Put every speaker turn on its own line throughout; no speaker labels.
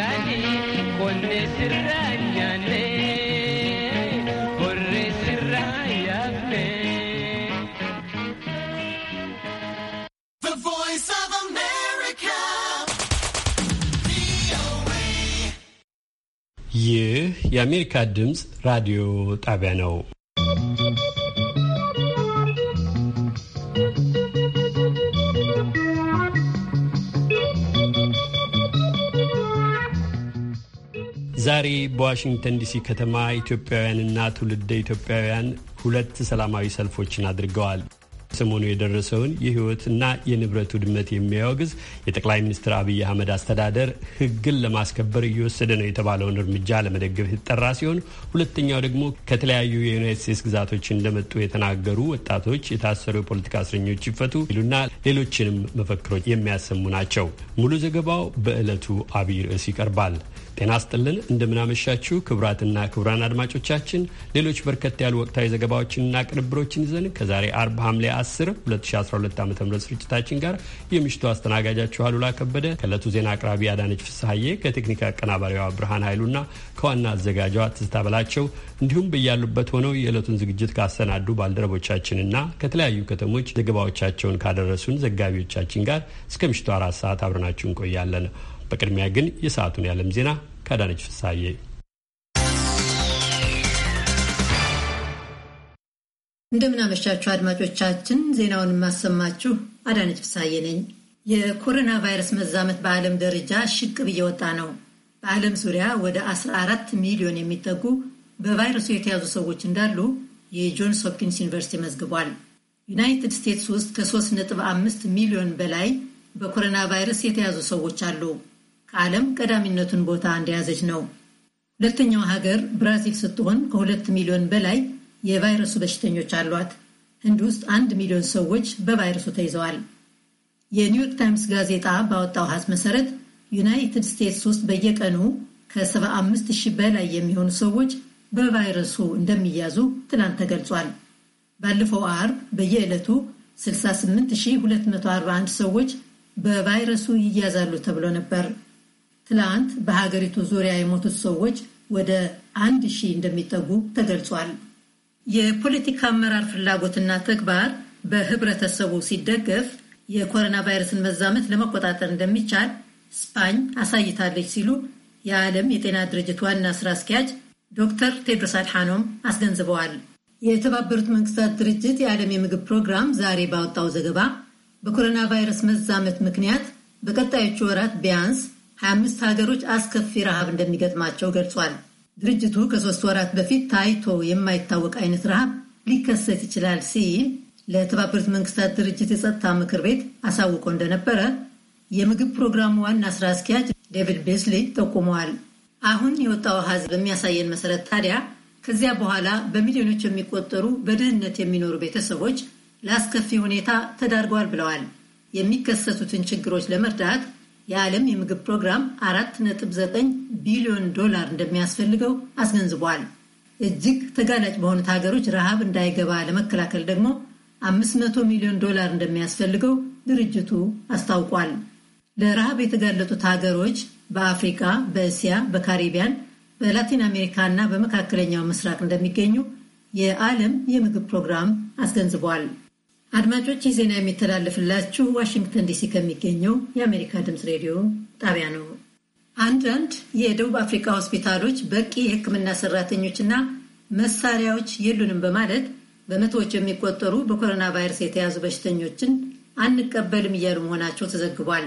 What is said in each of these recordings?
ጃኔ ቆኔ ስራኛኔ ቆሬ ስራያኔ
ይህ የአሜሪካ ድምፅ ራዲዮ ጣቢያ ነው። ዛሬ በዋሽንግተን ዲሲ ከተማ ኢትዮጵያውያንና ትውልደ ኢትዮጵያውያን ሁለት ሰላማዊ ሰልፎችን አድርገዋል። ሰሞኑ የደረሰውን የሕይወትና የንብረት ውድመት የሚያወግዝ የጠቅላይ ሚኒስትር አብይ አህመድ አስተዳደር ሕግን ለማስከበር እየወሰደ ነው የተባለውን እርምጃ ለመደገፍ የተጠራ ሲሆን ሁለተኛው ደግሞ ከተለያዩ የዩናይት ስቴትስ ግዛቶች እንደመጡ የተናገሩ ወጣቶች የታሰሩ የፖለቲካ እስረኞች ይፈቱ ይሉና ሌሎችንም መፈክሮች የሚያሰሙ ናቸው። ሙሉ ዘገባው በዕለቱ አብይ ርዕስ ይቀርባል። ጤና ስጥልን እንደምናመሻችሁ ክቡራትና ክቡራን አድማጮቻችን ሌሎች በርከት ያሉ ወቅታዊ ዘገባዎችንና ቅንብሮችን ይዘን ከዛሬ አርብ ሐምሌ 10 2012 ዓ ም ስርጭታችን ጋር የምሽቱ አስተናጋጃችሁ አሉላ ከበደ ከእለቱ ዜና አቅራቢ አዳነች ፍስሐዬ ከቴክኒክ አቀናባሪዋ ብርሃን ኃይሉና ከዋና አዘጋጇ ትዝታ በላቸው እንዲሁም በያሉበት ሆነው የዕለቱን ዝግጅት ካሰናዱ ባልደረቦቻችንና ከተለያዩ ከተሞች ዘገባዎቻቸውን ካደረሱን ዘጋቢዎቻችን ጋር እስከ ምሽቱ አራት ሰዓት አብረናችሁ እንቆያለን። በቅድሚያ ግን የሰዓቱን የዓለም ዜና ከአዳነች ፍሳዬ።
እንደምናመሻችሁ አድማጮቻችን፣ ዜናውን የማሰማችሁ አዳነች ፍሳዬ ነኝ። የኮሮና ቫይረስ መዛመት በዓለም ደረጃ ሽቅብ እየወጣ ነው። በዓለም ዙሪያ ወደ 14 ሚሊዮን የሚጠጉ በቫይረሱ የተያዙ ሰዎች እንዳሉ የጆንስ ሆፕኪንስ ዩኒቨርሲቲ መዝግቧል። ዩናይትድ ስቴትስ ውስጥ ከ3.5 ሚሊዮን በላይ በኮሮና ቫይረስ የተያዙ ሰዎች አሉ። ከዓለም ቀዳሚነቱን ቦታ እንደያዘች ነው። ሁለተኛው ሀገር ብራዚል ስትሆን ከሁለት ሚሊዮን በላይ የቫይረሱ በሽተኞች አሏት። ህንድ ውስጥ አንድ ሚሊዮን ሰዎች በቫይረሱ ተይዘዋል። የኒውዮርክ ታይምስ ጋዜጣ ባወጣው ሀዝ መሰረት ዩናይትድ ስቴትስ ውስጥ በየቀኑ ከ75 ሺህ በላይ የሚሆኑ ሰዎች በቫይረሱ እንደሚያዙ ትናንት ተገልጿል። ባለፈው አርብ በየዕለቱ 68241 ሰዎች በቫይረሱ ይያዛሉ ተብሎ ነበር። ትላንት በሀገሪቱ ዙሪያ የሞቱት ሰዎች ወደ አንድ ሺህ እንደሚጠጉ ተገልጿል። የፖለቲካ አመራር ፍላጎትና ተግባር በህብረተሰቡ ሲደገፍ የኮሮና ቫይረስን መዛመት ለመቆጣጠር እንደሚቻል ስፓኝ አሳይታለች ሲሉ የዓለም የጤና ድርጅት ዋና ስራ አስኪያጅ ዶክተር ቴድሮስ አድሓኖም አስገንዝበዋል። የተባበሩት መንግስታት ድርጅት የዓለም የምግብ ፕሮግራም ዛሬ ባወጣው ዘገባ በኮሮና ቫይረስ መዛመት ምክንያት በቀጣዮቹ ወራት ቢያንስ 25 ሀገሮች አስከፊ ረሃብ እንደሚገጥማቸው ገልጿል። ድርጅቱ ከሶስት ወራት በፊት ታይቶ የማይታወቅ አይነት ረሃብ ሊከሰት ይችላል ሲል ለተባበሩት መንግስታት ድርጅት የጸጥታ ምክር ቤት አሳውቆ እንደነበረ የምግብ ፕሮግራሙ ዋና ስራ አስኪያጅ ዴቪድ ቤስሊ ጠቁመዋል። አሁን የወጣው አሃዝ በሚያሳየን መሰረት ታዲያ ከዚያ በኋላ በሚሊዮኖች የሚቆጠሩ በድህነት የሚኖሩ ቤተሰቦች ለአስከፊ ሁኔታ ተዳርገዋል ብለዋል። የሚከሰቱትን ችግሮች ለመርዳት የዓለም የምግብ ፕሮግራም 4.9 ቢሊዮን ዶላር እንደሚያስፈልገው አስገንዝቧል። እጅግ ተጋላጭ በሆኑት ሀገሮች ረሃብ እንዳይገባ ለመከላከል ደግሞ 500 ሚሊዮን ዶላር እንደሚያስፈልገው ድርጅቱ አስታውቋል። ለረሃብ የተጋለጡት ሀገሮች በአፍሪካ፣ በእስያ፣ በካሪቢያን፣ በላቲን አሜሪካ እና በመካከለኛው ምስራቅ እንደሚገኙ የዓለም የምግብ ፕሮግራም አስገንዝቧል። አድማጮች ይህ ዜና የሚተላለፍላችሁ ዋሽንግተን ዲሲ ከሚገኘው የአሜሪካ ድምፅ ሬዲዮ ጣቢያ ነው። አንዳንድ የደቡብ አፍሪካ ሆስፒታሎች በቂ የሕክምና ሰራተኞችና መሳሪያዎች የሉንም በማለት በመቶዎች የሚቆጠሩ በኮሮና ቫይረስ የተያዙ በሽተኞችን አንቀበልም እያሉ መሆናቸው ተዘግቧል።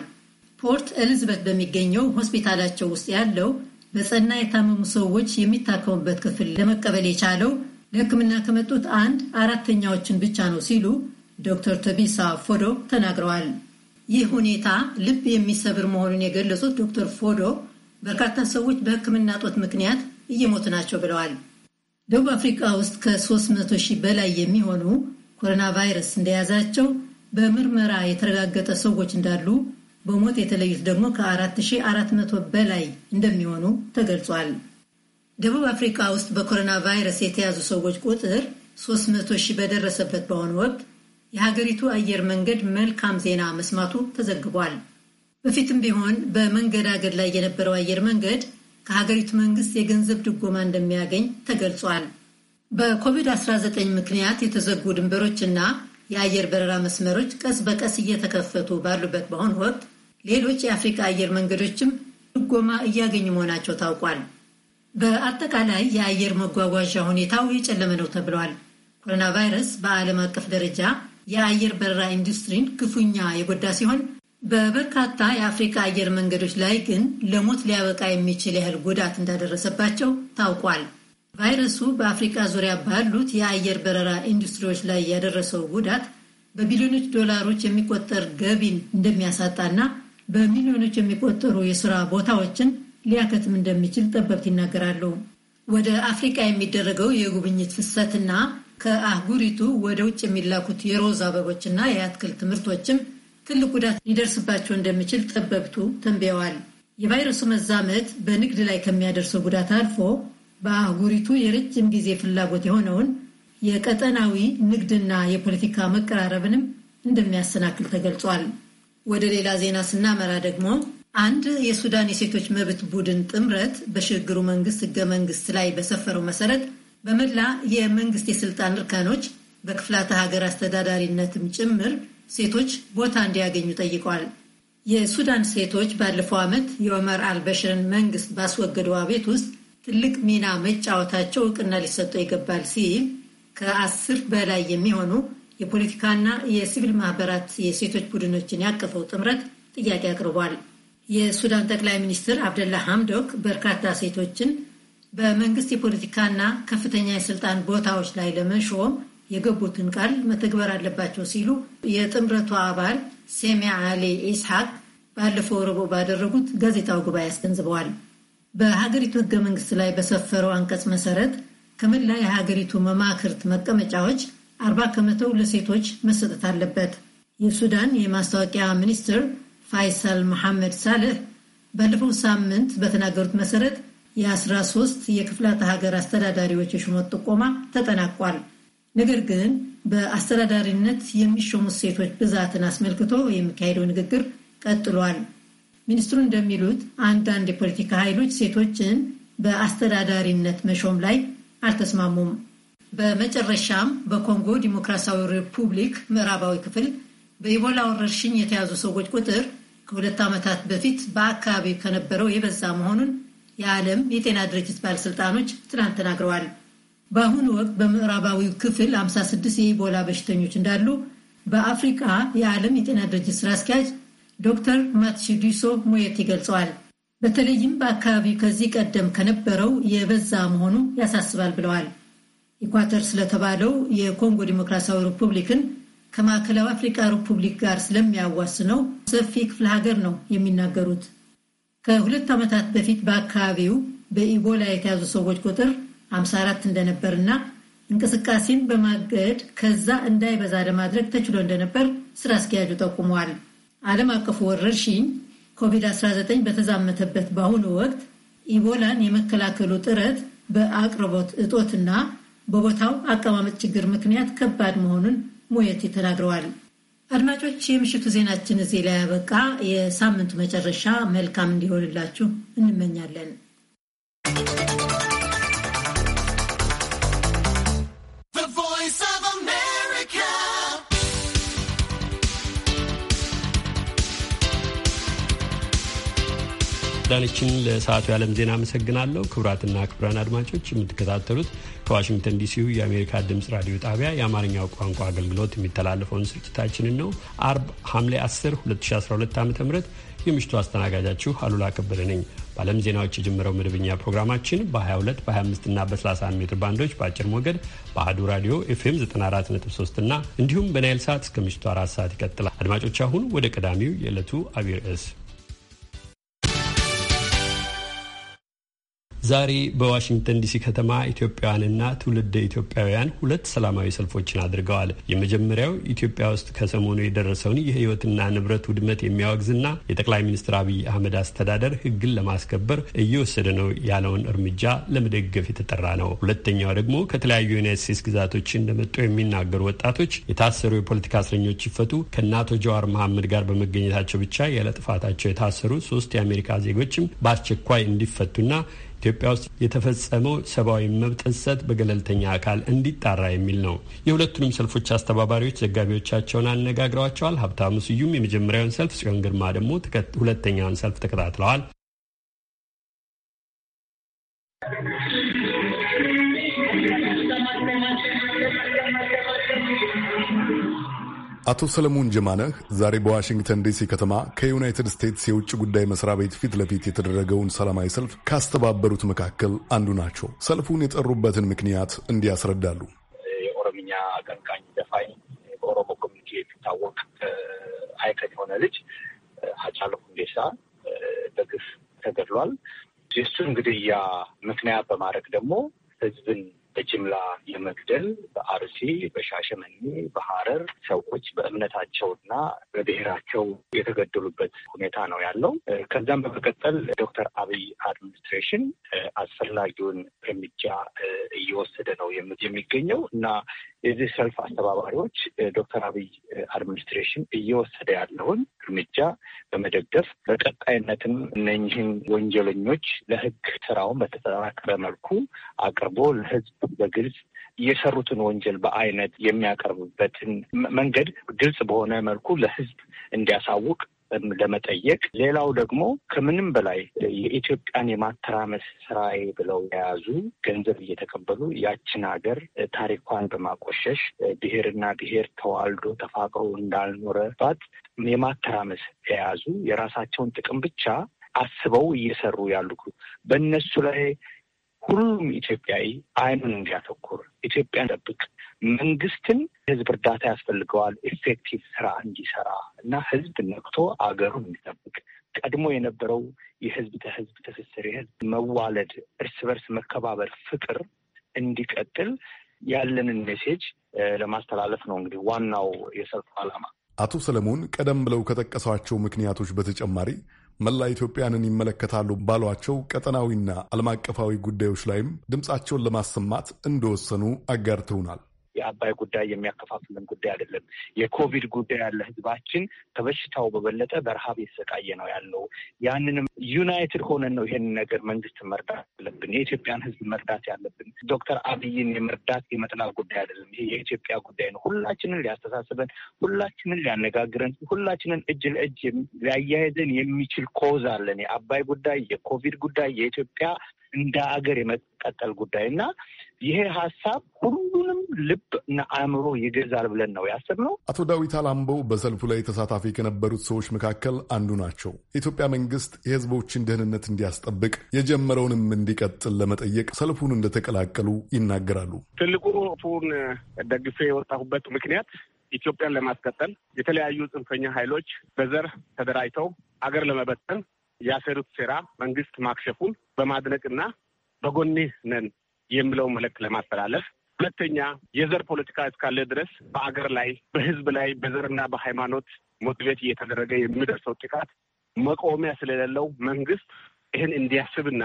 ፖርት ኤሊዝበት በሚገኘው ሆስፒታላቸው ውስጥ ያለው በጸና የታመሙ ሰዎች የሚታከሙበት ክፍል ለመቀበል የቻለው ለሕክምና ከመጡት አንድ አራተኛዎችን ብቻ ነው ሲሉ ዶክተር ቶቢሳ ፎዶ ተናግረዋል። ይህ ሁኔታ ልብ የሚሰብር መሆኑን የገለጹት ዶክተር ፎዶ በርካታ ሰዎች በሕክምና ጦት ምክንያት እየሞቱ ናቸው ብለዋል። ደቡብ አፍሪካ ውስጥ ከ300 ሺህ በላይ የሚሆኑ ኮሮና ቫይረስ እንደያዛቸው በምርመራ የተረጋገጠ ሰዎች እንዳሉ በሞት የተለዩት ደግሞ ከ4400 በላይ እንደሚሆኑ ተገልጿል። ደቡብ አፍሪካ ውስጥ በኮሮና ቫይረስ የተያዙ ሰዎች ቁጥር 300 ሺህ በደረሰበት በአሁኑ ወቅት የሀገሪቱ አየር መንገድ መልካም ዜና መስማቱ ተዘግቧል። በፊትም ቢሆን በመንገድ አገር ላይ የነበረው አየር መንገድ ከሀገሪቱ መንግስት የገንዘብ ድጎማ እንደሚያገኝ ተገልጿል። በኮቪድ-19 ምክንያት የተዘጉ ድንበሮችና የአየር በረራ መስመሮች ቀስ በቀስ እየተከፈቱ ባሉበት በአሁኑ ወቅት ሌሎች የአፍሪካ አየር መንገዶችም ድጎማ እያገኙ መሆናቸው ታውቋል። በአጠቃላይ የአየር መጓጓዣ ሁኔታው የጨለመ ነው ተብሏል። ኮሮና ቫይረስ በዓለም አቀፍ ደረጃ የአየር በረራ ኢንዱስትሪን ክፉኛ የጎዳ ሲሆን በበርካታ የአፍሪካ አየር መንገዶች ላይ ግን ለሞት ሊያበቃ የሚችል ያህል ጉዳት እንዳደረሰባቸው ታውቋል። ቫይረሱ በአፍሪካ ዙሪያ ባሉት የአየር በረራ ኢንዱስትሪዎች ላይ ያደረሰው ጉዳት በቢሊዮኖች ዶላሮች የሚቆጠር ገቢን እንደሚያሳጣና በሚሊዮኖች የሚቆጠሩ የስራ ቦታዎችን ሊያከትም እንደሚችል ጠበብት ይናገራሉ። ወደ አፍሪካ የሚደረገው የጉብኝት ፍሰትና ከአህጉሪቱ ወደ ውጭ የሚላኩት የሮዝ አበቦችና የአትክልት ምርቶችም ትልቅ ጉዳት ሊደርስባቸው እንደሚችል ጠበብቱ ተንብየዋል። የቫይረሱ መዛመት በንግድ ላይ ከሚያደርሰው ጉዳት አልፎ በአህጉሪቱ የረጅም ጊዜ ፍላጎት የሆነውን የቀጠናዊ ንግድና የፖለቲካ መቀራረብንም እንደሚያሰናክል ተገልጿል። ወደ ሌላ ዜና ስናመራ ደግሞ አንድ የሱዳን የሴቶች መብት ቡድን ጥምረት በሽግግሩ መንግስት ህገ መንግስት ላይ በሰፈረው መሰረት በመላ የመንግስት የስልጣን እርከኖች በክፍላተ ሀገር አስተዳዳሪነትም ጭምር ሴቶች ቦታ እንዲያገኙ ጠይቀዋል። የሱዳን ሴቶች ባለፈው ዓመት የኦመር አልበሽርን መንግስት ባስወገደው አቤት ውስጥ ትልቅ ሚና መጫወታቸው እውቅና ሊሰጠው ይገባል ሲል ከአስር በላይ የሚሆኑ የፖለቲካና የሲቪል ማህበራት የሴቶች ቡድኖችን ያቀፈው ጥምረት ጥያቄ አቅርቧል። የሱዳን ጠቅላይ ሚኒስትር አብደላ ሐምዶክ በርካታ ሴቶችን በመንግስት የፖለቲካና ከፍተኛ የስልጣን ቦታዎች ላይ ለመሾም የገቡትን ቃል መተግበር አለባቸው ሲሉ የጥምረቱ አባል ሴሚያ አሊ ኢስሐቅ ባለፈው ረቡዕ ባደረጉት ጋዜጣዊ ጉባኤ አስገንዝበዋል። በሀገሪቱ ህገ መንግስት ላይ በሰፈረው አንቀጽ መሰረት ከመላ የሀገሪቱ መማክርት መቀመጫዎች አርባ ከመቶው ለሴቶች መሰጠት አለበት። የሱዳን የማስታወቂያ ሚኒስትር ፋይሳል መሐመድ ሳልህ ባለፈው ሳምንት በተናገሩት መሰረት የአስራ ሶስት የክፍላተ ሀገር አስተዳዳሪዎች የሹመት ጥቆማ ተጠናቋል። ነገር ግን በአስተዳዳሪነት የሚሾሙት ሴቶች ብዛትን አስመልክቶ የሚካሄደው ንግግር ቀጥሏል። ሚኒስትሩ እንደሚሉት አንዳንድ የፖለቲካ ኃይሎች ሴቶችን በአስተዳዳሪነት መሾም ላይ አልተስማሙም። በመጨረሻም በኮንጎ ዲሞክራሲያዊ ሪፑብሊክ ምዕራባዊ ክፍል በኢቦላ ወረርሽኝ የተያዙ ሰዎች ቁጥር ከሁለት ዓመታት በፊት በአካባቢው ከነበረው የበዛ መሆኑን የዓለም የጤና ድርጅት ባለሥልጣኖች ትናንት ተናግረዋል። በአሁኑ ወቅት በምዕራባዊው ክፍል 56 የኢቦላ በሽተኞች እንዳሉ በአፍሪካ የዓለም የጤና ድርጅት ስራ አስኪያጅ ዶክተር ማትሺዲሶ ሞየቲ ገልጸዋል። በተለይም በአካባቢው ከዚህ ቀደም ከነበረው የበዛ መሆኑ ያሳስባል ብለዋል። ኢኳተር ስለተባለው የኮንጎ ዲሞክራሲያዊ ሪፑብሊክን ከማዕከላዊ አፍሪካ ሪፑብሊክ ጋር ስለሚያዋስነው ሰፊ ክፍለ ሀገር ነው የሚናገሩት። ከሁለት ዓመታት በፊት በአካባቢው በኢቦላ የተያዙ ሰዎች ቁጥር 54 እንደነበርና እንቅስቃሴን በማገድ ከዛ እንዳይበዛ ለማድረግ ተችሎ እንደነበር ስራ አስኪያጁ ጠቁመዋል። ዓለም አቀፉ ወረርሽኝ ኮቪድ-19 በተዛመተበት በአሁኑ ወቅት ኢቦላን የመከላከሉ ጥረት በአቅርቦት እጦትና በቦታው አቀማመጥ ችግር ምክንያት ከባድ መሆኑን ሙየቲ ተናግረዋል። አድማጮች፣ የምሽቱ ዜናችን እዚህ ላይ ያበቃ። የሳምንቱ መጨረሻ መልካም እንዲሆንላችሁ እንመኛለን።
ዳነችን ለሰዓቱ የዓለም ዜና አመሰግናለሁ። ክቡራትና ክቡራን አድማጮች የምትከታተሉት ከዋሽንግተን ዲሲው የአሜሪካ ድምፅ ራዲዮ ጣቢያ የአማርኛው ቋንቋ አገልግሎት የሚተላለፈውን ስርጭታችንን ነው። አርብ ሐምሌ 10 2012 ዓ ም የምሽቱ አስተናጋጃችሁ አሉላ ከበደ ነኝ። በዓለም ዜናዎች የጀመረው መደበኛ ፕሮግራማችን በ22 በ25 እና በ31 ሜትር ባንዶች በአጭር ሞገድ በአህዱ ራዲዮ ኤፍኤም 943 እና እንዲሁም በናይል ሰዓት እስከ ምሽቱ አራት ሰዓት ይቀጥላል። አድማጮች አሁን ወደ ቀዳሚው የዕለቱ አቢይ ርዕስ ዛሬ በዋሽንግተን ዲሲ ከተማ ኢትዮጵያውያንና ትውልደ ኢትዮጵያውያን ሁለት ሰላማዊ ሰልፎችን አድርገዋል። የመጀመሪያው ኢትዮጵያ ውስጥ ከሰሞኑ የደረሰውን የሕይወትና ንብረት ውድመት የሚያወግዝና የጠቅላይ ሚኒስትር አብይ አህመድ አስተዳደር ሕግን ለማስከበር እየወሰደ ነው ያለውን እርምጃ ለመደገፍ የተጠራ ነው። ሁለተኛው ደግሞ ከተለያዩ ዩናይት ስቴትስ ግዛቶች እንደመጡ የሚናገሩ ወጣቶች የታሰሩ የፖለቲካ እስረኞች ይፈቱ፣ ከእናቶ ጀዋር መሐመድ ጋር በመገኘታቸው ብቻ ያለ ጥፋታቸው የታሰሩ ሶስት የአሜሪካ ዜጎችም በአስቸኳይ እንዲፈቱና ኢትዮጵያ ውስጥ የተፈጸመው ሰብአዊ መብት ጥሰት በገለልተኛ አካል እንዲጣራ የሚል ነው። የሁለቱንም ሰልፎች አስተባባሪዎች ዘጋቢዎቻቸውን አነጋግረዋቸዋል። ሀብታሙ ስዩም የመጀመሪያውን ሰልፍ፣ ጽዮን ግርማ ደግሞ ሁለተኛውን ሰልፍ ተከታትለዋል።
አቶ ሰለሞን ጀማነህ ዛሬ በዋሽንግተን ዲሲ ከተማ ከዩናይትድ ስቴትስ የውጭ ጉዳይ መስሪያ ቤት ፊት ለፊት የተደረገውን ሰላማዊ ሰልፍ ካስተባበሩት መካከል አንዱ ናቸው። ሰልፉን የጠሩበትን ምክንያት እንዲያስረዳሉ።
የኦሮምኛ አቀንቃኝ ደፋኝ፣ በኦሮሞ ኮሚኒቲ የሚታወቅ አይከን የሆነ ልጅ ሃጫሉ ሁንዴሳ በግፍ ተገድሏል። የእሱን ግድያ ምክንያት በማድረግ ደግሞ ህዝብን በጅምላ የመግደል በአርሲ፣ በሻሸመኔ፣ በሐረር ሰዎች በእምነታቸውና በብሔራቸው የተገደሉበት ሁኔታ ነው ያለው። ከዛም በመቀጠል ዶክተር አብይ አድሚኒስትሬሽን አስፈላጊውን እርምጃ እየወሰደ ነው የሚገኘው እና የዚህ ሰልፍ አስተባባሪዎች ዶክተር አብይ አድሚኒስትሬሽን እየወሰደ ያለውን እርምጃ በመደገፍ በቀጣይነትም እነኝህን ወንጀለኞች ለህግ ስራውን በተጠናከረ መልኩ አቅርቦ ለህዝብ በግልጽ የሰሩትን ወንጀል በአይነት የሚያቀርብበትን መንገድ ግልጽ በሆነ መልኩ ለህዝብ እንዲያሳውቅ ለመጠየቅ ሌላው ደግሞ ከምንም በላይ የኢትዮጵያን የማተራመስ ስራዬ ብለው የያዙ ገንዘብ እየተቀበሉ ያችን ሀገር ታሪኳን በማቆሸሽ ብሔርና ብሔር ተዋልዶ ተፋቅሮ እንዳልኖረባት የማተራመስ የያዙ የራሳቸውን ጥቅም ብቻ አስበው እየሰሩ ያሉ በእነሱ ላይ ሁሉም ኢትዮጵያዊ አይኑን እንዲያተኩር ኢትዮጵያን ጠብቅ መንግስትን ህዝብ እርዳታ ያስፈልገዋል ኢፌክቲቭ ስራ እንዲሰራ እና ህዝብ ነቅቶ አገሩን እንዲጠብቅ ቀድሞ የነበረው የህዝብ ተህዝብ ትስስር የህዝብ መዋለድ፣ እርስ በርስ መከባበር፣ ፍቅር እንዲቀጥል ያለንን ሜሴጅ ለማስተላለፍ ነው እንግዲህ ዋናው የሰልፉ ዓላማ።
አቶ ሰለሞን ቀደም ብለው ከጠቀሷቸው ምክንያቶች በተጨማሪ መላ ኢትዮጵያንን ይመለከታሉ ባሏቸው ቀጠናዊና ዓለም አቀፋዊ ጉዳዮች ላይም ድምፃቸውን ለማሰማት እንደወሰኑ አጋርተውናል።
የአባይ ጉዳይ የሚያከፋፍለን ጉዳይ አይደለም። የኮቪድ ጉዳይ ያለ ህዝባችን ከበሽታው በበለጠ በረሃብ የተሰቃየ ነው ያለው። ያንንም ዩናይትድ ሆነን ነው ይሄንን ነገር መንግስት መርዳት ያለብን፣ የኢትዮጵያን ህዝብ መርዳት ያለብን። ዶክተር አብይን የመርዳት የመጥላት ጉዳይ አይደለም። ይሄ የኢትዮጵያ ጉዳይ ነው። ሁላችንን ሊያስተሳስበን፣ ሁላችንን ሊያነጋግረን፣ ሁላችንን እጅ ለእጅ ሊያያይዘን የሚችል ኮዝ አለን። የአባይ ጉዳይ፣ የኮቪድ ጉዳይ፣ የኢትዮጵያ እንደ አገር የመቀጠል ጉዳይ እና ይሄ ሀሳብ ሁሉንም ልብ እና አእምሮ ይገዛል ብለን ነው ያሰብነው።
አቶ ዳዊት አላምቦ በሰልፉ ላይ ተሳታፊ ከነበሩት ሰዎች መካከል አንዱ ናቸው። የኢትዮጵያ መንግስት የህዝቦችን ደህንነት እንዲያስጠብቅ የጀመረውንም እንዲቀጥል ለመጠየቅ ሰልፉን እንደተቀላቀሉ ይናገራሉ።
ትልቁ ፉን ደግፌ የወጣሁበት ምክንያት ኢትዮጵያን ለማስቀጠል የተለያዩ ጽንፈኛ ኃይሎች በዘር ተደራጅተው አገር ለመበጠን ያሰሩት ሴራ መንግስት ማክሸፉን በማድነቅና በጎኔ ነን የሚለው መልእክት ለማስተላለፍ ሁለተኛ የዘር ፖለቲካ እስካለ ድረስ በአገር ላይ በህዝብ ላይ በዘርና በሃይማኖት ሞትቤት እየተደረገ የሚደርሰው ጥቃት መቆሚያ ስለሌለው መንግስት ይህን እንዲያስብና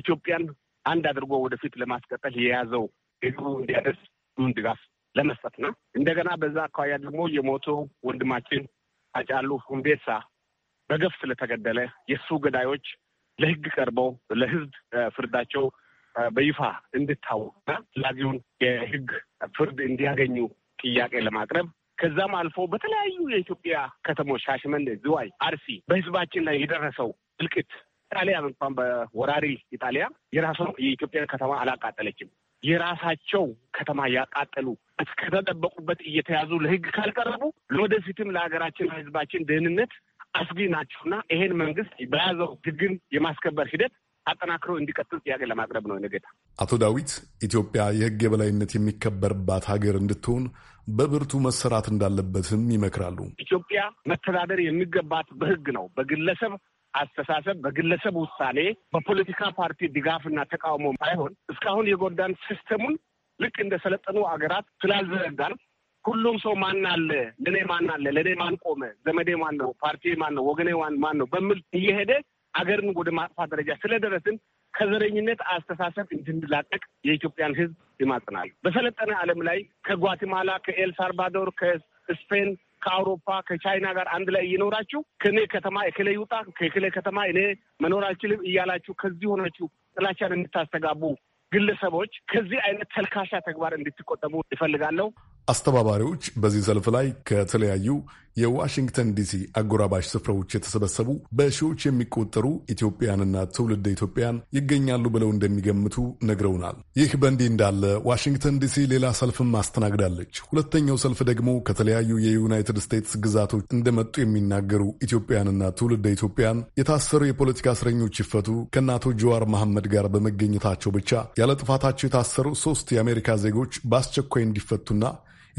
ኢትዮጵያን አንድ አድርጎ ወደፊት ለማስቀጠል የያዘው ህዝቡ እንዲያደርስ ዱን ድጋፍ ለመስጠት ነው። እንደገና በዛ አካባቢ ደግሞ የሞቶ ወንድማችን አጫሉ ሁንዴሳ በገፍ ስለተገደለ የእሱ ገዳዮች ለህግ ቀርበው ለህዝብ ፍርዳቸው በይፋ እንድታወቅና ላጊውን የህግ ፍርድ እንዲያገኙ ጥያቄ ለማቅረብ ከዛም አልፎ በተለያዩ የኢትዮጵያ ከተሞች ሻሸመኔ፣ ዝዋይ፣ አርሲ በህዝባችን ላይ የደረሰው እልቂት ጣሊያን እንኳን በወራሪ ኢጣሊያ የራሷ የኢትዮጵያን ከተማ አላቃጠለችም። የራሳቸው ከተማ ያቃጠሉ እስከተጠበቁበት እየተያዙ ለህግ ካልቀረቡ ለወደፊትም ለሀገራችን ለህዝባችን ደህንነት አስጊ ናቸውና ይሄን መንግስት በያዘው ህግን የማስከበር ሂደት አጠናክሮ እንዲቀጥል ጥያቄ ለማቅረብ ነው። ነገታ
አቶ ዳዊት ኢትዮጵያ የህግ የበላይነት የሚከበርባት ሀገር እንድትሆን በብርቱ መሰራት እንዳለበትም ይመክራሉ።
ኢትዮጵያ መተዳደር የሚገባት በህግ ነው። በግለሰብ አስተሳሰብ፣ በግለሰብ ውሳኔ፣ በፖለቲካ ፓርቲ ድጋፍና ተቃውሞ ሳይሆን እስካሁን የጎዳን ሲስተሙን ልክ እንደ ሰለጠኑ አገራት ስላልዘረጋን ሁሉም ሰው ማን አለ ለእኔ ማን አለ ለእኔ ማን ቆመ ዘመዴ ማን ነው ፓርቲ ማን ነው ወገኔ ማን ነው በሚል እየሄደ አገርን ወደ ማጥፋት ደረጃ ስለደረስን ከዘረኝነት አስተሳሰብ እንድንላቀቅ የኢትዮጵያን ሕዝብ ይማጽናል። በሰለጠነ ዓለም ላይ ከጓቲማላ፣ ከኤልሳልቫዶር፣ ከስፔን፣ ከአውሮፓ፣ ከቻይና ጋር አንድ ላይ እየኖራችሁ ከእኔ ከተማ እክሌ ይውጣ ከክለ ከተማ እኔ መኖር አልችልም እያላችሁ ከዚህ ሆናችሁ ጥላቻን የምታስተጋቡ ግለሰቦች ከዚህ አይነት ተልካሻ ተግባር እንድትቆጠቡ ይፈልጋለሁ።
አስተባባሪዎች በዚህ ሰልፍ ላይ ከተለያዩ የዋሽንግተን ዲሲ አጎራባሽ ስፍራዎች የተሰበሰቡ በሺዎች የሚቆጠሩ ኢትዮጵያንና ትውልደ ኢትዮጵያን ይገኛሉ ብለው እንደሚገምቱ ነግረውናል። ይህ በእንዲህ እንዳለ ዋሽንግተን ዲሲ ሌላ ሰልፍም አስተናግዳለች። ሁለተኛው ሰልፍ ደግሞ ከተለያዩ የዩናይትድ ስቴትስ ግዛቶች እንደመጡ የሚናገሩ ኢትዮጵያንና ትውልደ ኢትዮጵያን የታሰሩ የፖለቲካ እስረኞች ይፈቱ፣ ከእናቶ ጀዋር መሐመድ ጋር በመገኘታቸው ብቻ ያለ ጥፋታቸው የታሰሩ ሶስት የአሜሪካ ዜጎች በአስቸኳይ እንዲፈቱና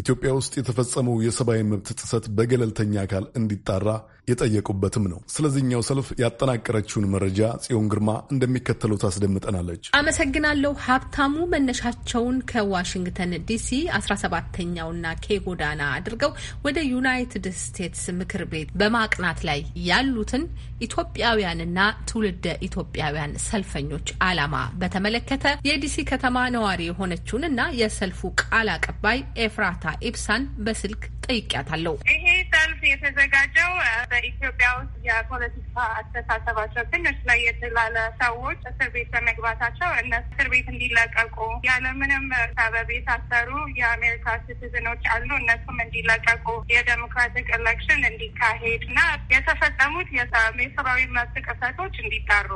ኢትዮጵያ ውስጥ የተፈጸመው የሰብአዊ መብት ጥሰት በገለልተኛ አካል እንዲጣራ የጠየቁበትም ነው። ስለዚህኛው ሰልፍ ያጠናቀረችውን መረጃ ጽዮን ግርማ እንደሚከተለው ታስደምጠናለች።
አመሰግናለሁ ሀብታሙ። መነሻቸውን ከዋሽንግተን ዲሲ 17 ተኛውና ኬ ጎዳና አድርገው ወደ ዩናይትድ ስቴትስ ምክር ቤት በማቅናት ላይ ያሉትን ኢትዮጵያውያንና ትውልደ ኢትዮጵያውያን ሰልፈኞች ዓላማ በተመለከተ የዲሲ ከተማ ነዋሪ የሆነችውን እና የሰልፉ ቃል አቀባይ ኤፍራታ ኢብሳን በስልክ ጠይቂያታለሁ።
ይሄ ሰልፍ የተዘጋጀው በኢትዮጵያ ውስጥ የፖለቲካ አስተሳሰባቸው ትንሽ ለየት ላለ ሰዎች እስር ቤት በመግባታቸው እነሱ እስር ቤት እንዲለቀቁ ያለምንም ሰበብ የታሰሩ የአሜሪካ ሲቲዝኖች አሉ። እነሱም እንዲለቀቁ የዴሞክራቲክ ኤሌክሽን እንዲካሄድ እና የተፈጸሙት የሰብአዊ መብት ጥሰቶች እንዲጣሩ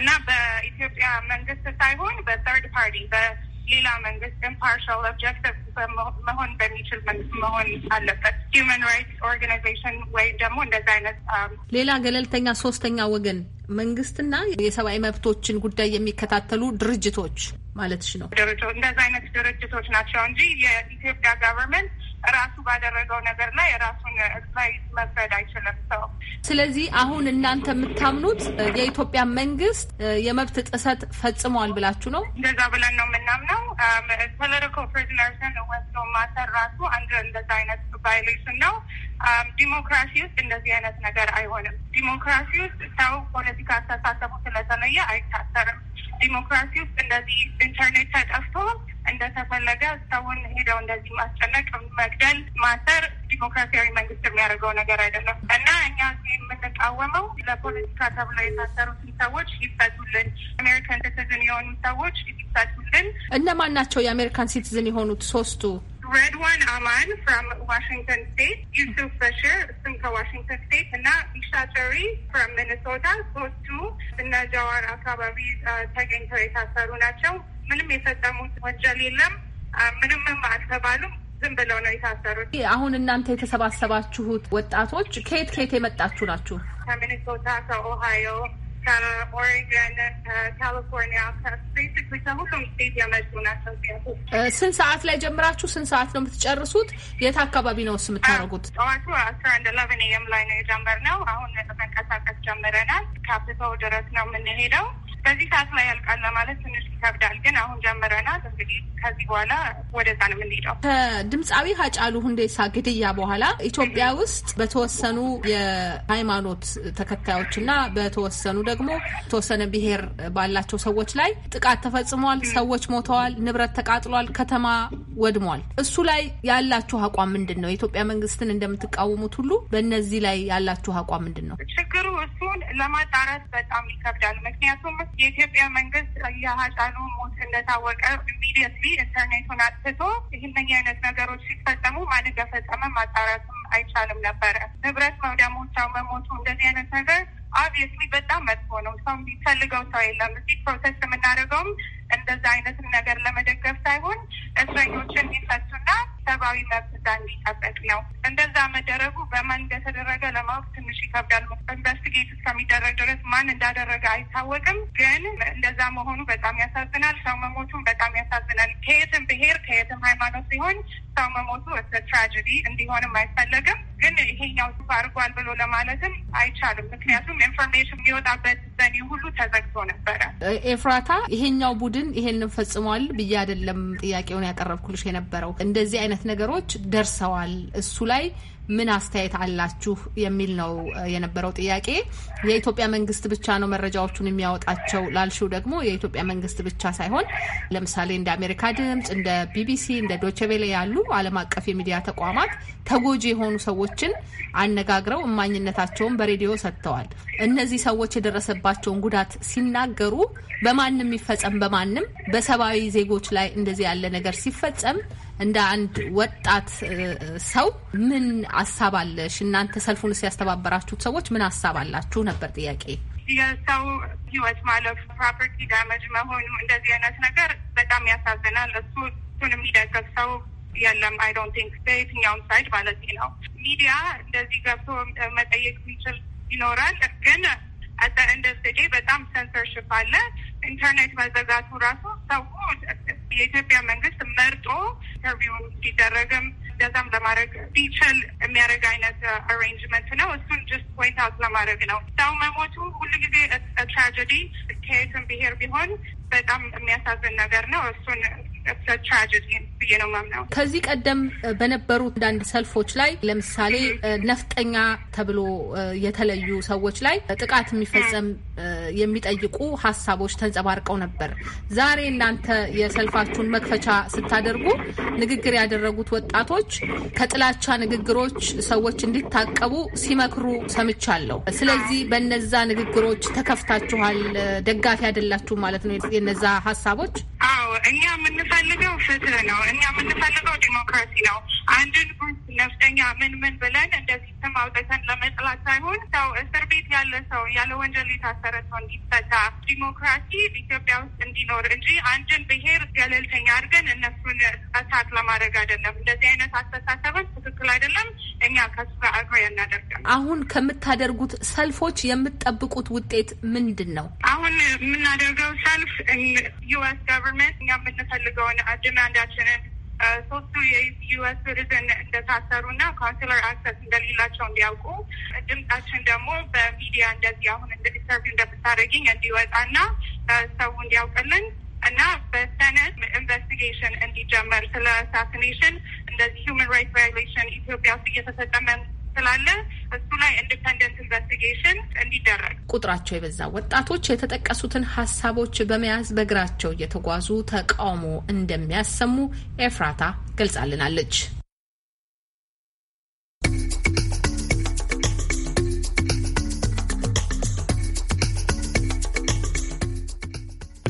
እና በኢትዮጵያ መንግስት ሳይሆን በተርድ ፓርቲ ሌላ መንግስት ኢምፓርሻል ኦብጀክቲቭ መሆን በሚችል መሆን አለበት። ሂውማን ራይትስ ኦርጋናይዜሽን ወይም ደግሞ እንደዚ አይነት um,
ሌላ ገለልተኛ ሶስተኛ ወገን መንግስትና የሰብአዊ መብቶችን ጉዳይ የሚከታተሉ ድርጅቶች ማለትሽ ነው።
ድርጅ እንደዚ አይነት ድርጅቶች ናቸው እንጂ የኢትዮጵያ ጋቨርንመንት ራሱ ባደረገው ነገር ላይ ራሱን ላይ መፍረድ አይችልም ሰው። ስለዚህ
አሁን እናንተ የምታምኑት የኢትዮጵያ መንግስት የመብት ጥሰት ፈጽሟል ብላችሁ ነው?
እንደዛ ብለን ነው የምናምነው። ፖለቲካ ፕሪዝነርስን ወስዶ ማሰር ራሱ አንድ እንደዛ አይነት ቫይሌሽን ነው። ዲሞክራሲ um, ውስጥ እንደዚህ አይነት ነገር አይሆንም። ዲሞክራሲ ውስጥ ሰው ፖለቲካ አስተሳሰቡ ስለተለየ አይታሰርም። ዲሞክራሲ ውስጥ እንደዚህ ኢንተርኔት ተጠፍቶ እንደተፈለገ ሰውን ሄደው እንደዚህ ማስጨነቅ፣ መግደል፣ ማሰር ዲሞክራሲያዊ መንግስት የሚያደርገው ነገር አይደለም እና እኛ እዚህ የምንቃወመው ለፖለቲካ ተብሎ የታሰሩትን ሰዎች ይፈቱልን፣ አሜሪካን ሲቲዝን የሆኑ ሰዎች ይፈቱልን።
እነማን ናቸው የአሜሪካን ሲቲዝን የሆኑት ሶስቱ?
ረድዋን አማን ፍሮም ዋሽንግተን ስቴት፣ ዩሱፍ በሽር እሱም ከዋሽንግተን ስቴት እና ኢሻጨሪ ፍሮም ሚኒሶታ ሶስቱ እነ ጃዋር አካባቢ ተገኝተው የታሰሩ ናቸው። ምንም የፈጸሙት ወንጀል የለም። uh, ምንምም አልተባሉም። ዝም ብለው ነው የታሰሩት።
አሁን እናንተ የተሰባሰባችሁት ወጣቶች ከየት ከየት የመጣችሁ ናችሁ?
ከሚኒሶታ፣ ከኦሃዮ ካሊፎርኒያ ከሁሉም ስቴዲየም የመጡ ናቸው። ስንት
ሰዓት ላይ ጀምራችሁ ስንት ሰዓት ነው የምትጨርሱት? የት አካባቢ ነው ስ የምታደርጉት?
ጠዋቱ አስራ አንድ ኤም ላይ ነው የጀመርነው። አሁን መንቀሳቀስ ጀምረናል። ካፒታል ድረስ ነው የምንሄደው በዚህ ሰዓት ላይ ያልቃል ለማለት ትንሽ ይከብዳል። ግን አሁን ጀምረናል። እንግዲህ ከዚህ በኋላ ወደዛ ነው የምንሄደው።
ከድምፃዊ ሀጫሉ ሁንዴሳ ግድያ በኋላ ኢትዮጵያ ውስጥ በተወሰኑ የሃይማኖት ተከታዮች እና በተወሰኑ ደግሞ የተወሰነ ብሔር ባላቸው ሰዎች ላይ ጥቃት ተፈጽሟል። ሰዎች ሞተዋል። ንብረት ተቃጥሏል። ከተማ ወድሟል። እሱ ላይ ያላችሁ አቋም ምንድን ነው? የኢትዮጵያ መንግስትን እንደምትቃወሙት ሁሉ በእነዚህ ላይ ያላችሁ አቋም ምንድን ነው?
ችግሩ እሱን ለማጣራት በጣም ይከብዳል። ምክንያቱም የኢትዮጵያ መንግስት የሀጣኑ ሞት እንደታወቀ ኢሚዲየትሊ ኢንተርኔቱን አጥፍቶ ይህን አይነት ነገሮች ሲፈጸሙ ማን እንደፈጸመ ማጣራትም አይቻልም ነበረ። ንብረት መውደሞቻ መሞቱ እንደዚህ አይነት ነገር አብየስሊ በጣም መጥፎ ነው። ሰው የሚፈልገው ሰው የለም። እዚህ ፕሮቴስት የምናደርገውም እንደዛ አይነት ነገር ለመደገፍ ሳይሆን እስረኞች እንዲፈቱና ሰብአዊ መብት እንዲጠበቅ ነው። እንደዛ መደረጉ በማን እንደተደረገ ለማወቅ ትንሽ ይከብዳል። ኢንቨስቲጌት እስከሚደረግ ድረስ ማን እንዳደረገ አይታወቅም። ግን እንደዛ መሆኑ በጣም ያሳዝናል። ሰው መሞቱን በጣም ያሳዝናል። ከየትም ብሄር ከየትም ሃይማኖት ሲሆን ሰው መሞቱ ትራጀዲ እንዲሆንም አይፈለግም። ግን ይሄኛው አድርጓል ብሎ ለማለትም አይቻልም። ምክንያቱም ኢንፎርሜሽን የሚወጣበት ሁሉ
ተዘግቶ ነበረ። ኤፍራታ፣ ይሄኛው ቡድን ይሄንን ፈጽሟል ብዬ አይደለም ጥያቄውን ያቀረብኩልሽ የነበረው እንደዚህ አይነት ነገሮች ደርሰዋል እሱ ላይ ምን አስተያየት አላችሁ የሚል ነው የነበረው ጥያቄ። የኢትዮጵያ መንግስት ብቻ ነው መረጃዎቹን የሚያወጣቸው ላልሽው ደግሞ የኢትዮጵያ መንግስት ብቻ ሳይሆን ለምሳሌ እንደ አሜሪካ ድምፅ፣ እንደ ቢቢሲ፣ እንደ ዶችቬሌ ያሉ ዓለም አቀፍ የሚዲያ ተቋማት ተጎጂ የሆኑ ሰዎችን አነጋግረው እማኝነታቸውን በሬዲዮ ሰጥተዋል። እነዚህ ሰዎች የደረሰባቸውን ጉዳት ሲናገሩ በማንም ይፈጸም በማንም በሰብአዊ ዜጎች ላይ እንደዚህ ያለ ነገር ሲፈጸም እንደ አንድ ወጣት ሰው ምን አሳብ አለሽ? እናንተ ሰልፉን ሲያስተባበራችሁት ሰዎች ምን አሳብ አላችሁ ነበር ጥያቄ።
የሰው ህይወት ማለፍ፣ ፕሮፐርቲ ዳመጅ መሆኑ እንደዚህ አይነት ነገር በጣም ያሳዝናል። እሱ እሱን የሚደገፍ ሰው የለም። አይ ዶንት ቲንክ በየትኛውም ሳይድ ማለት ነው። ሚዲያ እንደዚህ ገብቶ መጠየቅ የሚችል ይኖራል፣ ግን እንደ በጣም ሴንሰርሽፕ አለ ኢንተርኔት መዘጋቱ ራሱ ሰው የኢትዮጵያ መንግስት መርጦ ኢንተርቪው እንዲደረግም እንደዛም ለማድረግ ቢችል የሚያደርግ አይነት አሬንጅመንት ነው። እሱን ጅስት ፖይንት አውት ለማድረግ ነው። ሰው መሞቱ ሁሉ ጊዜ ትራጀዲ ከየትም ብሄር ቢሆን በጣም የሚያሳዝን ነገር ነው። እሱን
ከዚህ ቀደም በነበሩ አንዳንድ ሰልፎች ላይ ለምሳሌ ነፍጠኛ ተብሎ የተለዩ ሰዎች ላይ ጥቃት የሚፈጸም የሚጠይቁ ሀሳቦች ተንጸባርቀው ነበር። ዛሬ እናንተ የሰልፋችሁን መክፈቻ ስታደርጉ ንግግር ያደረጉት ወጣቶች ከጥላቻ ንግግሮች ሰዎች እንዲታቀቡ ሲመክሩ ሰምቻለሁ። ስለዚህ በነዛ ንግግሮች ተከፍታችኋል፣ ደጋፊ አይደላችሁ ማለት ነው የነዛ ሀሳቦች?
አዎ እኛ የምንፈልገው ፍትህ ነው። እኛ የምንፈልገው ዲሞክራሲ ነው። አንድን ነፍጠኛ ምን ምን ብለን እንደዚህ ስም አውጥተን ለመጥላት ሳይሆን ሰው እስር ቤት ያለ ሰው ያለ ወንጀል የታሰረ ተመሰረተው እንዲፈታ ዲሞክራሲ ኢትዮጵያ ውስጥ እንዲኖር እንጂ አንድን ብሄር ገለልተኛ አድርገን እነሱን እሳት ለማድረግ አይደለም። እንደዚህ አይነት አስተሳሰቦች ትክክል አይደለም። እኛ ከሱ ጋር አግሮ
ያናደርጋል። አሁን ከምታደርጉት ሰልፎች የምትጠብቁት ውጤት ምንድን ነው?
አሁን የምናደርገው ሰልፍ ዩኤስ ገቨርንመንት እኛ የምንፈልገውን ዲማንዳችንን ሶስቱ የዩኤስ ሲቲዝን እንደታሰሩ እና ካውንስለር አክሰስ እንደሌላቸው እንዲያውቁ ድምጻችን ደግሞ በሚዲያ እንደዚህ አሁን ኢንተርቪው እንደምታደርግኝ እንዲወጣና ሰው እንዲያውቅልን እና በሰነት ኢንቨስቲጌሽን እንዲጀመር ስለ አሳሲኔሽን እንደዚህ ሁማን ራይትስ ቫዮሌሽን ኢትዮጵያ ውስጥ እየተፈጸመ ስላለ እሱ ላይ ኢንዲፐንደንት ኢንቨስቲጌሽን እንዲደረግ
ቁጥራቸው የበዛ ወጣቶች የተጠቀሱትን ሀሳቦች በመያዝ በእግራቸው እየተጓዙ ተቃውሞ እንደሚያሰሙ ኤፍራታ ገልጻልናለች።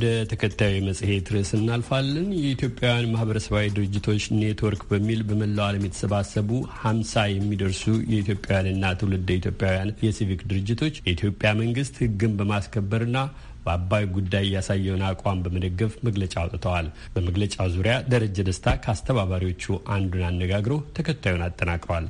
ወደ ተከታዩ መጽሔት ርዕስ እናልፋለን። የኢትዮጵያውያን ማህበረሰባዊ ድርጅቶች ኔትወርክ በሚል በመላው ዓለም የተሰባሰቡ ሀምሳ የሚደርሱ የኢትዮጵያውያንና ትውልደ ኢትዮጵያውያን የሲቪክ ድርጅቶች የኢትዮጵያ መንግስት ህግን በማስከበርና በአባይ ጉዳይ እያሳየውን አቋም በመደገፍ መግለጫ አውጥተዋል። በመግለጫው ዙሪያ ደረጀ ደስታ ከአስተባባሪዎቹ አንዱን አነጋግሮ ተከታዩን አጠናቅሯል።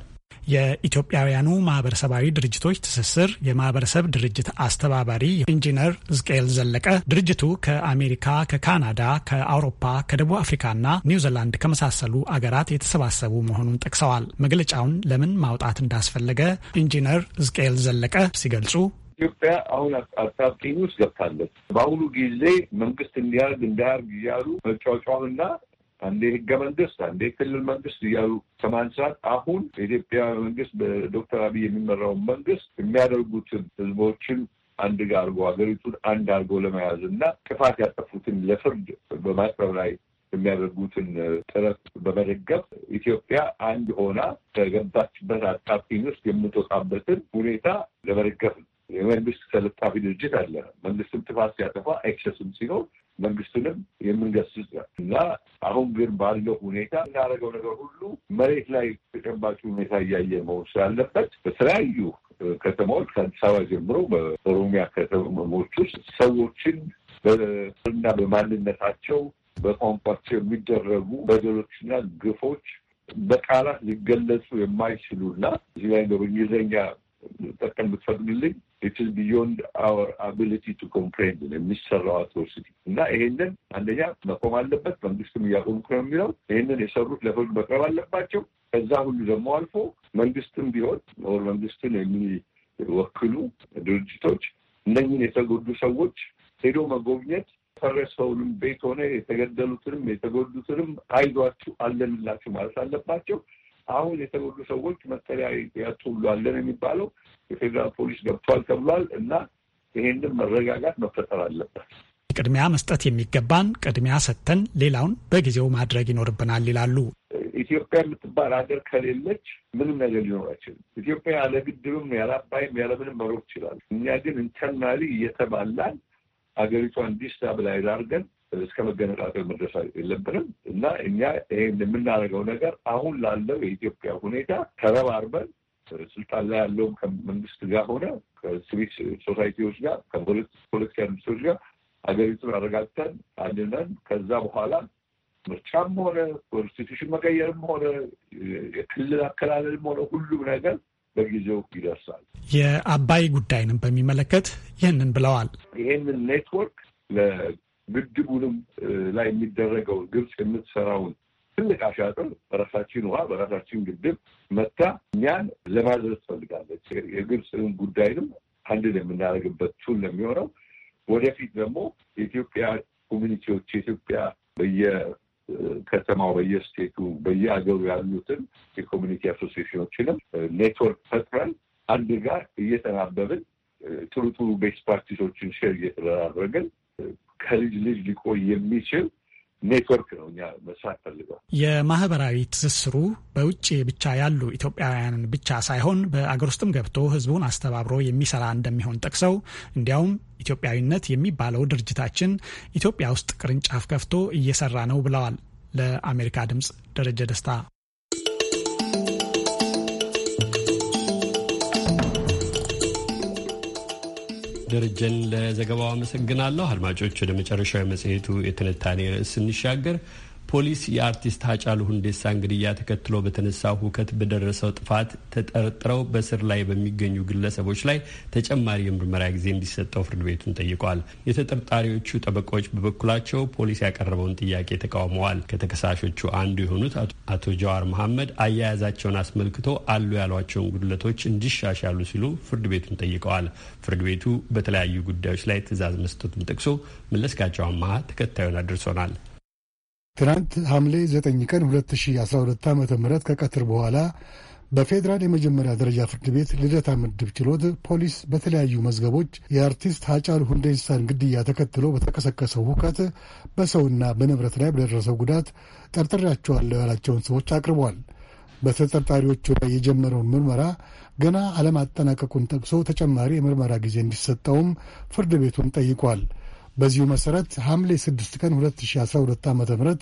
የኢትዮጵያውያኑ ማህበረሰባዊ ድርጅቶች ትስስር የማህበረሰብ ድርጅት አስተባባሪ ኢንጂነር ዝቅኤል ዘለቀ ድርጅቱ ከአሜሪካ፣ ከካናዳ፣ ከአውሮፓ፣ ከደቡብ አፍሪካና ኒውዚላንድ ከመሳሰሉ አገራት የተሰባሰቡ መሆኑን ጠቅሰዋል። መግለጫውን ለምን ማውጣት እንዳስፈለገ ኢንጂነር ዝቅኤል ዘለቀ ሲገልጹ
ኢትዮጵያ አሁን አጣብቂኝ ውስጥ ገብታለች። በአሁኑ ጊዜ መንግስት እንዲያርግ እንዳያርግ እያሉ መጫጫሁና አንዴ ህገ መንግስት፣ አንዴ ክልል መንግስት እያሉ ሰዓት አሁን የኢትዮጵያ መንግስት በዶክተር አብይ የሚመራውን መንግስት የሚያደርጉትን ህዝቦችን አንድ ጋር አድርጎ ሀገሪቱን አንድ አድርጎ ለመያዝ እና ጥፋት ያጠፉትን ለፍርድ በማቅረብ ላይ የሚያደርጉትን ጥረት በመደገፍ ኢትዮጵያ አንድ ሆና ከገባችበት አጣብቂኝ ውስጥ የምትወጣበትን ሁኔታ ለመደገፍ ነው። የመንግስት ተለጣፊ ድርጅት አለ። መንግስትም ጥፋት ሲያጠፋ ኤክሰስም ሲኖር መንግስቱንም የምንገስጽ ነው እና አሁን ግን ባለው ሁኔታ እናደረገው ነገር ሁሉ መሬት ላይ ተጨባጭ ሁኔታ እያየ መሆን ስላለበት በተለያዩ ከተማዎች ከአዲስ አበባ ጀምሮ በኦሮሚያ ከተሞች ውስጥ ሰዎችን በና በማንነታቸው በቋንቋቸው የሚደረጉ በደሎችና ግፎች በቃላት ሊገለጹ የማይችሉና እዚህ ላይ በእንግሊዝኛ ጠቀም ብትፈቅዱልኝ ኢትስ ቢዮንድ አወር አቢሊቲ ቱ ኮምፕሬንድ የሚሰራው አትሮሲቲ እና ይሄንን አንደኛ መቆም አለበት። መንግስትም እያቆምኩ ነው የሚለው ይሄንን የሰሩት ለፍርድ መቅረብ አለባቸው። ከዛ ሁሉ ደግሞ አልፎ መንግስትም ቢሆን ወር መንግስትን የሚወክሉ ድርጅቶች እነኝን የተጎዱ ሰዎች ሄዶ መጎብኘት ፈረሰውንም ቤት ሆነ የተገደሉትንም የተጎዱትንም አይዟችሁ አለንላችሁ ማለት አለባቸው። አሁን የተጎዱ ሰዎች መጠለያ ያጡ ሁሉ አለን የሚባለው የፌዴራል ፖሊስ ገብቷል ተብሏል እና ይህንም መረጋጋት መፈጠር አለበት።
ቅድሚያ መስጠት የሚገባን ቅድሚያ ሰጥተን ሌላውን በጊዜው ማድረግ ይኖርብናል ይላሉ።
ኢትዮጵያ የምትባል ሀገር ከሌለች ምንም ነገር ሊኖር አይችልም። ኢትዮጵያ ያለ ግድብም ያለ አባይም ያለ ምንም መሮጥ ይችላል። እኛ ግን ኢንተርናሊ እየተባላን ሀገሪቷን ዲስታብላይዝ አድርገን እስከ መገነጣጠል መድረስ የለብንም እና እኛ ይህን የምናደርገው ነገር አሁን ላለው የኢትዮጵያ ሁኔታ ተረባርበን ስልጣን ላይ ያለውም ከመንግስት ጋር ሆነ ከሲቪክ ሶሳይቲዎች ጋር ከፖለቲካ ድርጅቶች ጋር ሀገሪቱን አረጋግተን አንድነን ከዛ በኋላ ምርጫም ሆነ ኮንስቲቱሽን መቀየርም ሆነ የክልል አከላለልም ሆነ ሁሉም ነገር በጊዜው ይደርሳል።
የአባይ ጉዳይንም በሚመለከት ይህንን ብለዋል።
ይህንን ኔትወርክ ግድቡንም ላይ የሚደረገውን ግብፅ የምትሰራውን ትልቅ አሻጥር በራሳችን ውሃ በራሳችን ግድብ መታ እኛን ለማዘዝ ትፈልጋለች። የግብፅን ጉዳይንም አንድን የምናደርግበት ቱል ለሚሆነው ወደፊት ደግሞ የኢትዮጵያ ኮሚኒቲዎች የኢትዮጵያ በየከተማው በየስቴቱ በየአገሩ ያሉትን የኮሚኒቲ አሶሲሽኖችንም ኔትወርክ ፈጥረን አንድ ጋር እየተናበብን ጥሩ ጥሩ ቤስት ፕራክቲሶችን ሼር እየተደራረግን ከልጅ ልጅ ሊቆይ የሚችል ኔትወርክ ነው እኛ
መስራት ፈልገው።
የማህበራዊ ትስስሩ በውጭ ብቻ ያሉ ኢትዮጵያውያንን ብቻ ሳይሆን በአገር ውስጥም ገብቶ ህዝቡን አስተባብሮ የሚሰራ እንደሚሆን ጠቅሰው እንዲያውም ኢትዮጵያዊነት የሚባለው ድርጅታችን ኢትዮጵያ ውስጥ ቅርንጫፍ ከፍቶ እየሰራ ነው ብለዋል። ለአሜሪካ ድምፅ ደረጀ ደስታ
ደረጀን ለዘገባው አመሰግናለሁ። አድማጮች ወደ መጨረሻው የመጽሔቱ የትንታኔ ርዕስ ስንሻገር ፖሊስ የአርቲስት ሀጫሉ ሁንዴሳን ግድያ ተከትሎ በተነሳው ሁከት በደረሰው ጥፋት ተጠርጥረው በስር ላይ በሚገኙ ግለሰቦች ላይ ተጨማሪ የምርመራ ጊዜ እንዲሰጠው ፍርድ ቤቱን ጠይቋል። የተጠርጣሪዎቹ ጠበቆች በበኩላቸው ፖሊስ ያቀረበውን ጥያቄ ተቃውመዋል። ከተከሳሾቹ አንዱ የሆኑት አቶ ጀዋር መሐመድ አያያዛቸውን አስመልክቶ አሉ ያሏቸውን ጉድለቶች እንዲሻሻሉ ሲሉ ፍርድ ቤቱን ጠይቀዋል። ፍርድ ቤቱ በተለያዩ ጉዳዮች ላይ ትዕዛዝ መስጠቱን ጠቅሶ መለስካቸው አማሃ ተከታዩን አድርሶናል። ትናንት
ሐምሌ 9 ቀን 2012 ዓ ም ከቀትር በኋላ በፌዴራል የመጀመሪያ ደረጃ ፍርድ ቤት ልደታ ምድብ ችሎት ፖሊስ በተለያዩ መዝገቦች የአርቲስት ሀጫሉ ሁንዴሳን ግድያ ተከትሎ በተቀሰቀሰው ሁከት በሰውና በንብረት ላይ በደረሰው ጉዳት ጠርጥሬያቸዋለሁ ያላቸውን ሰዎች አቅርቧል። በተጠርጣሪዎቹ ላይ የጀመረውን ምርመራ ገና አለማጠናቀቁን ጠቅሶ ተጨማሪ የምርመራ ጊዜ እንዲሰጠውም ፍርድ ቤቱን ጠይቋል። በዚሁ መሰረት ሐምሌ 6 ቀን 2012 ዓ ም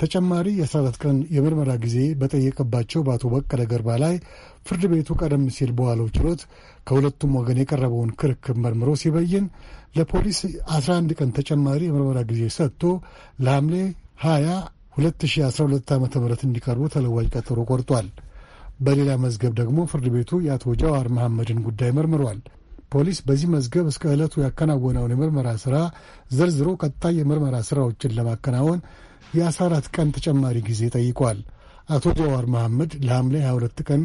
ተጨማሪ የ14 ቀን የምርመራ ጊዜ በጠየቀባቸው በአቶ በቀለ ገርባ ላይ ፍርድ ቤቱ ቀደም ሲል በዋለው ችሎት ከሁለቱም ወገን የቀረበውን ክርክር መርምሮ ሲበይን ለፖሊስ 11 ቀን ተጨማሪ የምርመራ ጊዜ ሰጥቶ ለሐምሌ 20 2012 ዓ ም እንዲቀርቡ ተለዋጭ ቀጠሮ ቆርጧል። በሌላ መዝገብ ደግሞ ፍርድ ቤቱ የአቶ ጃዋር መሐመድን ጉዳይ መርምሯል። ፖሊስ በዚህ መዝገብ እስከ ዕለቱ ያከናወነውን የምርመራ ሥራ ዘርዝሮ ቀጣይ የምርመራ ሥራዎችን ለማከናወን የ14 ቀን ተጨማሪ ጊዜ ጠይቋል። አቶ ጀዋር መሐመድ ለሐምሌ 22 ቀን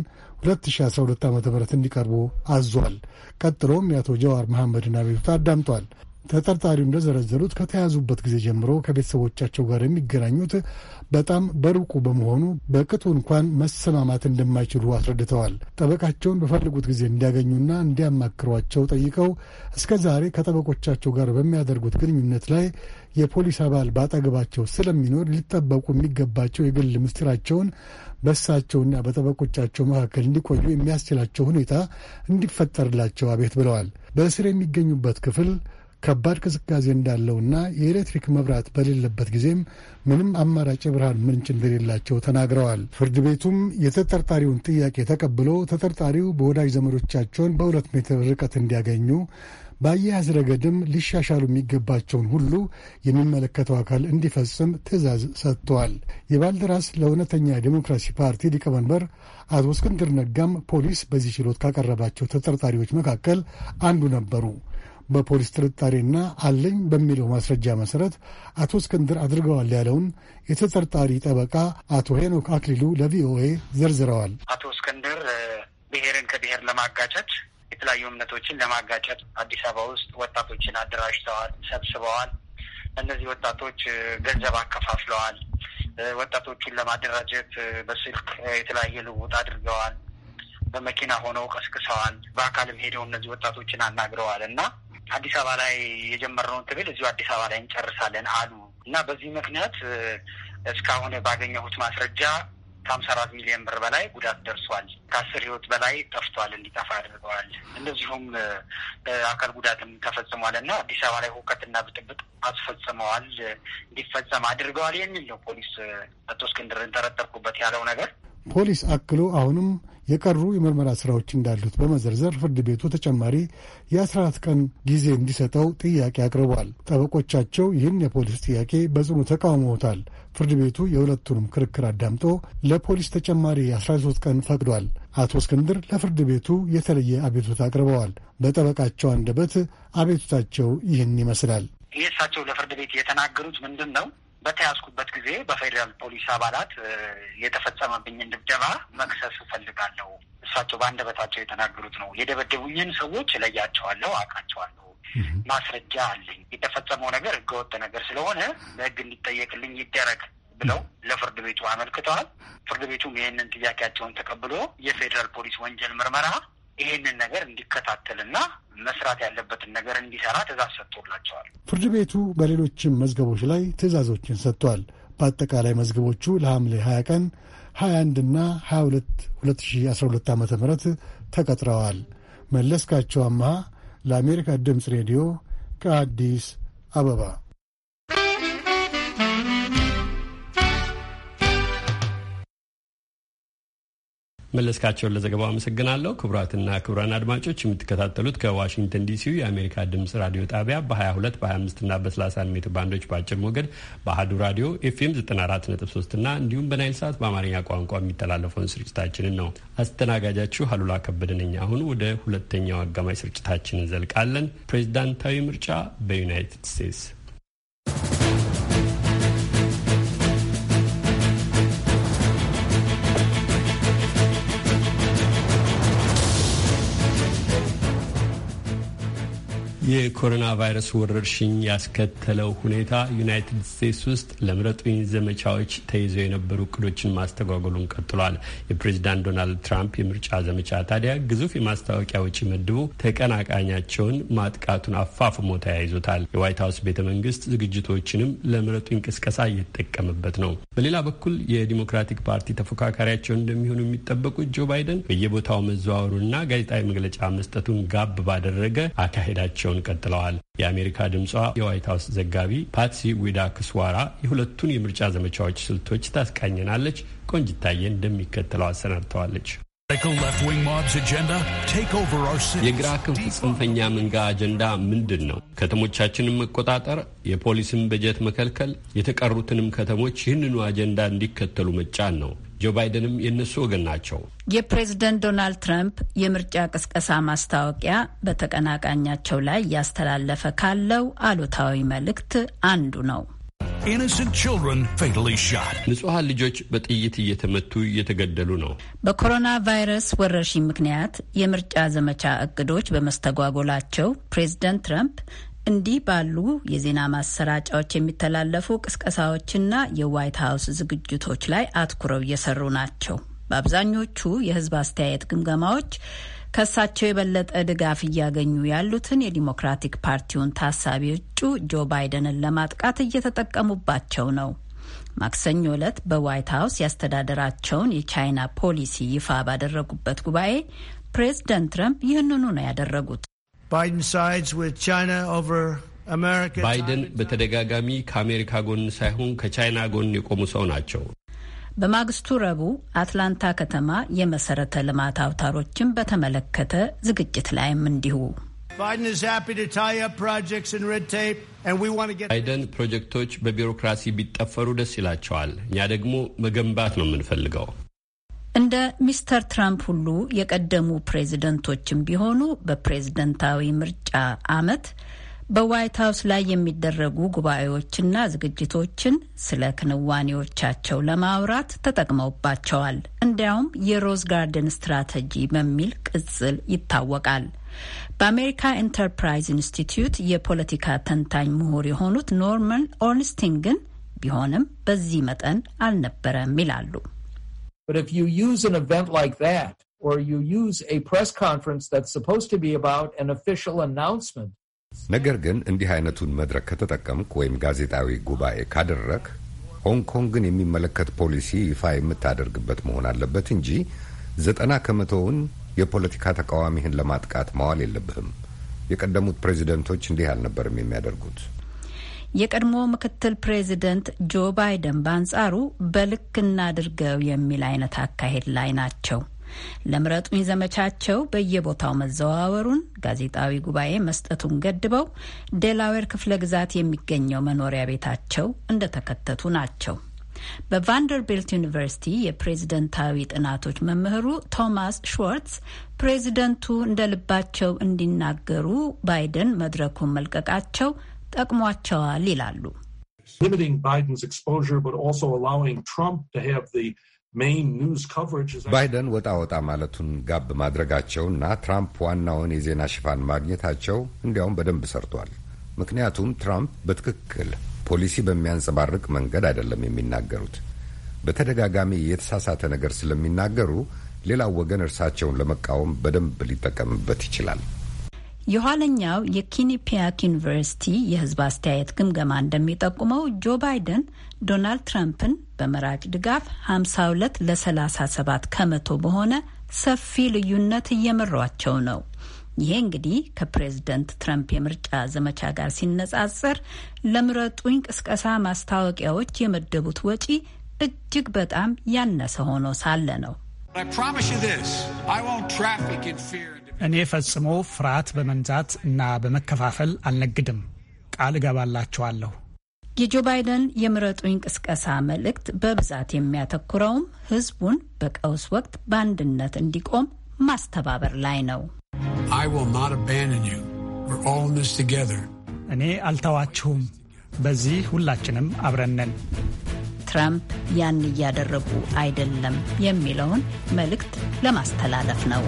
2012 ዓ ም እንዲቀርቡ አዟል። ቀጥሎም የአቶ ጀዋር መሐመድን አቤቱታ አዳምጧል። ተጠርጣሪው እንደዘረዘሩት ከተያዙበት ጊዜ ጀምሮ ከቤተሰቦቻቸው ጋር የሚገናኙት በጣም በሩቁ በመሆኑ በቅጡ እንኳን መሰማማት እንደማይችሉ አስረድተዋል። ጠበቃቸውን በፈልጉት ጊዜ እንዲያገኙና እንዲያማክሯቸው ጠይቀው እስከ ዛሬ ከጠበቆቻቸው ጋር በሚያደርጉት ግንኙነት ላይ የፖሊስ አባል ባጠገባቸው ስለሚኖር ሊጠበቁ የሚገባቸው የግል ምስጢራቸውን በእሳቸውና በጠበቆቻቸው መካከል እንዲቆዩ የሚያስችላቸው ሁኔታ እንዲፈጠርላቸው አቤት ብለዋል። በእስር የሚገኙበት ክፍል ከባድ ቅዝቃዜ እንዳለውና የኤሌክትሪክ መብራት በሌለበት ጊዜም ምንም አማራጭ የብርሃን ምንጭ እንደሌላቸው ተናግረዋል። ፍርድ ቤቱም የተጠርጣሪውን ጥያቄ ተቀብሎ ተጠርጣሪው በወዳጅ ዘመዶቻቸውን በሁለት ሜትር ርቀት እንዲያገኙ በአያያዝ ረገድም ሊሻሻሉ የሚገባቸውን ሁሉ የሚመለከተው አካል እንዲፈጽም ትዕዛዝ ሰጥተዋል። የባልደራስ ለእውነተኛ ዴሞክራሲ ፓርቲ ሊቀመንበር አቶ እስክንድር ነጋም ፖሊስ በዚህ ችሎት ካቀረባቸው ተጠርጣሪዎች መካከል አንዱ ነበሩ። በፖሊስ ጥርጣሬና አለኝ በሚለው ማስረጃ መሰረት አቶ እስክንድር አድርገዋል ያለውን የተጠርጣሪ ጠበቃ አቶ ሄኖክ አክሊሉ ለቪኦኤ ዘርዝረዋል። አቶ እስክንድር
ብሔርን ከብሔር ለማጋጨት የተለያዩ እምነቶችን ለማጋጨት አዲስ አበባ ውስጥ ወጣቶችን አደራጅተዋል፣ ሰብስበዋል። እነዚህ ወጣቶች ገንዘብ አከፋፍለዋል። ወጣቶቹን ለማደራጀት በስልክ የተለያየ ልውውጥ አድርገዋል። በመኪና ሆነው ቀስቅሰዋል። በአካልም ሄደው እነዚህ ወጣቶችን አናግረዋል እና አዲስ አበባ ላይ የጀመርነውን ትግል እዚሁ አዲስ አበባ ላይ እንጨርሳለን አሉ እና በዚህ ምክንያት እስካሁን ባገኘሁት ማስረጃ ከሀምሳ አራት ሚሊዮን ብር በላይ ጉዳት ደርሷል። ከአስር ህይወት በላይ ጠፍቷል፣ እንዲጠፋ አድርገዋል። እንደዚሁም አካል ጉዳትም ተፈጽሟል እና አዲስ አበባ ላይ ሁከትና ብጥብጥ አስፈጽመዋል፣ እንዲፈጸም አድርገዋል የሚል ነው ፖሊስ
አቶ እስክንድርን ተረጠርኩበት ያለው
ነገር። ፖሊስ አክሎ አሁንም የቀሩ የምርመራ ስራዎች እንዳሉት በመዘርዘር ፍርድ ቤቱ ተጨማሪ የ14 ቀን ጊዜ እንዲሰጠው ጥያቄ አቅርቧል። ጠበቆቻቸው ይህን የፖሊስ ጥያቄ በጽኑ ተቃውመውታል። ፍርድ ቤቱ የሁለቱንም ክርክር አዳምጦ ለፖሊስ ተጨማሪ 13 ቀን ፈቅዷል። አቶ እስክንድር ለፍርድ ቤቱ የተለየ አቤቱታ አቅርበዋል። በጠበቃቸው አንደበት አቤቱታቸው ይህን ይመስላል። ይህ እሳቸው ለፍርድ ቤት የተናገሩት ምንድን ነው? በተያዝኩበት ጊዜ በፌዴራል
ፖሊስ አባላት የተፈጸመብኝን ድብደባ መክሰስ እፈልጋለሁ። እሳቸው
በአንደበታቸው የተናገሩት ነው። የደበደቡኝን ሰዎች እለያቸዋለሁ፣ አውቃቸዋለሁ፣ ማስረጃ አለኝ። የተፈጸመው ነገር ህገወጥ ነገር ስለሆነ በህግ እንዲጠየቅልኝ ይደረግ ብለው ለፍርድ ቤቱ አመልክተዋል። ፍርድ ቤቱም ይህንን ጥያቄያቸውን ተቀብሎ የፌዴራል ፖሊስ ወንጀል ምርመራ ይሄንን ነገር እንዲከታተልና መስራት ያለበትን ነገር እንዲሰራ ትእዛዝ
ሰጥቶላቸዋል። ፍርድ ቤቱ በሌሎችም መዝገቦች ላይ ትእዛዞችን ሰጥቷል። በአጠቃላይ መዝገቦቹ ለሐምሌ 20 ቀን 21 እና 22 2012 ዓ ም ተቀጥረዋል። መለስካቸው አምሃ ለአሜሪካ ድምፅ ሬዲዮ
ከአዲስ አበባ መለስካቸውን ለዘገባው አመሰግናለሁ። ክቡራትና ክቡራን አድማጮች የምትከታተሉት ከዋሽንግተን ዲሲው የአሜሪካ ድምጽ ራዲዮ ጣቢያ በ22 በ25ና በ31 ሜትር ባንዶች በአጭር ሞገድ በአህዱ ራዲዮ ኤፍኤም 943 ና እንዲሁም በናይል ሰዓት በአማርኛ ቋንቋ የሚተላለፈውን ስርጭታችንን ነው። አስተናጋጃችሁ አሉላ ከበደ ነኝ። አሁን ወደ ሁለተኛው አጋማሽ ስርጭታችን እንዘልቃለን። ፕሬዚዳንታዊ ምርጫ በዩናይትድ ስቴትስ የኮሮና ቫይረስ ወረርሽኝ ያስከተለው ሁኔታ ዩናይትድ ስቴትስ ውስጥ ለምረጡኝ ዘመቻዎች ተይዘው የነበሩ እቅዶችን ማስተጓጎሉን ቀጥሏል። የፕሬዚዳንት ዶናልድ ትራምፕ የምርጫ ዘመቻ ታዲያ ግዙፍ የማስታወቂያ ወጪ መድቦ ተቀናቃኛቸውን ማጥቃቱን አፋፍሞ ተያይዞታል። የዋይት ሀውስ ቤተ መንግስት ዝግጅቶችንም ለምረጡኝ ቅስቀሳ እየተጠቀመበት ነው። በሌላ በኩል የዲሞክራቲክ ፓርቲ ተፎካካሪያቸው እንደሚሆኑ የሚጠበቁት ጆ ባይደን በየቦታው መዘዋወሩና ጋዜጣዊ መግለጫ መስጠቱን ጋብ ባደረገ አካሄዳቸውን ቀጥለዋል። የአሜሪካ ድምጿ የዋይት ሀውስ ዘጋቢ ፓትሲ ዊዳ ክስዋራ የሁለቱን የምርጫ ዘመቻዎች ስልቶች ታስቃኘናለች። ቆንጅታየ እንደሚከተለው አሰናድተዋለች። የግራ ክንፍ ጽንፈኛ መንጋ አጀንዳ ምንድን ነው? ከተሞቻችንን መቆጣጠር፣ የፖሊስን በጀት መከልከል፣ የተቀሩትንም ከተሞች ይህንኑ አጀንዳ እንዲከተሉ መጫን ነው። ጆ ባይደንም የእነሱ ወገን ናቸው።
የፕሬዝደንት ዶናልድ ትራምፕ የምርጫ ቅስቀሳ ማስታወቂያ በተቀናቃኛቸው ላይ እያስተላለፈ ካለው አሉታዊ መልእክት አንዱ ነው።
ንጹሐን ልጆች በጥይት እየተመቱ እየተገደሉ ነው።
በኮሮና ቫይረስ ወረርሽኝ ምክንያት የምርጫ ዘመቻ እቅዶች በመስተጓጎላቸው ፕሬዝደንት ትራምፕ እንዲህ ባሉ የዜና ማሰራጫዎች የሚተላለፉ ቅስቀሳዎችና የዋይት ሀውስ ዝግጅቶች ላይ አትኩረው እየሰሩ ናቸው። በአብዛኞቹ የህዝብ አስተያየት ግምገማዎች ከእሳቸው የበለጠ ድጋፍ እያገኙ ያሉትን የዲሞክራቲክ ፓርቲውን ታሳቢ እጩ ጆ ባይደንን ለማጥቃት እየተጠቀሙባቸው ነው። ማክሰኞ ዕለት በዋይት ሀውስ ያስተዳደራቸውን የቻይና ፖሊሲ ይፋ ባደረጉበት ጉባኤ ፕሬዝደንት ትረምፕ ይህንኑ ነው ያደረጉት። ባይደን
በተደጋጋሚ ከአሜሪካ ጎን ሳይሆን ከቻይና ጎን የቆሙ ሰው ናቸው።
በማግስቱ ረቡዕ አትላንታ ከተማ የመሰረተ ልማት አውታሮችን በተመለከተ ዝግጅት ላይም እንዲሁ
ባይደን ፕሮጀክቶች በቢሮክራሲ ቢጠፈሩ ደስ ይላቸዋል። እኛ ደግሞ መገንባት ነው የምንፈልገው።
እንደ ሚስተር ትራምፕ ሁሉ የቀደሙ ፕሬዝደንቶችም ቢሆኑ በፕሬዝደንታዊ ምርጫ አመት በዋይት ሀውስ ላይ የሚደረጉ ጉባኤዎችና ዝግጅቶችን ስለ ክንዋኔዎቻቸው ለማውራት ተጠቅመውባቸዋል። እንዲያውም የሮዝ ጋርደን ስትራቴጂ በሚል ቅጽል ይታወቃል። በአሜሪካ ኢንተርፕራይዝ ኢንስቲትዩት የፖለቲካ ተንታኝ ምሁር የሆኑት ኖርማን ኦርንስቲን ግን ቢሆንም በዚህ መጠን አልነበረም ይላሉ። But if you use an event like that, or you use
a press conference that's supposed to be about an official announcement.
ነገር ግን እንዲህ አይነቱን መድረክ ከተጠቀምክ ወይም ጋዜጣዊ ጉባኤ ካደረክ ሆንግ ኮንግን የሚመለከት ፖሊሲ ይፋ የምታደርግበት መሆን አለበት እንጂ ዘጠና ከመቶውን የፖለቲካ ተቃዋሚህን ለማጥቃት ማዋል የለብህም። የቀደሙት ፕሬዚደንቶች እንዲህ አልነበርም የሚያደርጉት።
የቀድሞ ምክትል ፕሬዚደንት ጆ ባይደን በአንጻሩ በልክ እናድርገው የሚል አይነት አካሄድ ላይ ናቸው። ለምረጡኝ ዘመቻቸው በየቦታው መዘዋወሩን፣ ጋዜጣዊ ጉባኤ መስጠቱን ገድበው ዴላዌር ክፍለ ግዛት የሚገኘው መኖሪያ ቤታቸው እንደተከተቱ ናቸው። በቫንደርቢልት ዩኒቨርሲቲ የፕሬዝደንታዊ ጥናቶች መምህሩ ቶማስ ሽዋርትስ ፕሬዝደንቱ እንደ ልባቸው እንዲናገሩ ባይደን መድረኩን መልቀቃቸው ጠቅሟቸዋል ይላሉ።
ባይደን
ወጣ ወጣ ማለቱን ጋብ ማድረጋቸውና ትራምፕ ዋናውን የዜና ሽፋን ማግኘታቸው እንዲያውም በደንብ ሰርቷል። ምክንያቱም ትራምፕ በትክክል ፖሊሲ በሚያንጸባርቅ መንገድ አይደለም የሚናገሩት። በተደጋጋሚ የተሳሳተ ነገር ስለሚናገሩ ሌላው ወገን እርሳቸውን ለመቃወም በደንብ ሊጠቀምበት ይችላል።
የኋለኛው የኪኒፒያክ ዩኒቨርሲቲ የህዝብ አስተያየት ግምገማ እንደሚጠቁመው ጆ ባይደን ዶናልድ ትራምፕን በመራጭ ድጋፍ 52 ለ37 ከመቶ በሆነ ሰፊ ልዩነት እየመሯቸው ነው። ይሄ እንግዲህ ከፕሬዝደንት ትራምፕ የምርጫ ዘመቻ ጋር ሲነጻጸር ለምረጡኝ ቅስቀሳ ማስታወቂያዎች የመደቡት ወጪ
እጅግ በጣም ያነሰ ሆኖ ሳለ ነው። እኔ ፈጽሞ ፍርሃት በመንዛት እና በመከፋፈል አልነግድም። ቃል እገባላችኋለሁ።
የጆ ባይደን የምረጡኝ ቅስቀሳ መልእክት በብዛት የሚያተኩረውም ህዝቡን በቀውስ ወቅት በአንድነት እንዲቆም ማስተባበር
ላይ ነው። እኔ አልተዋችሁም፣ በዚህ ሁላችንም አብረነን። ትራምፕ
ያን እያደረጉ አይደለም የሚለውን መልእክት ለማስተላለፍ ነው።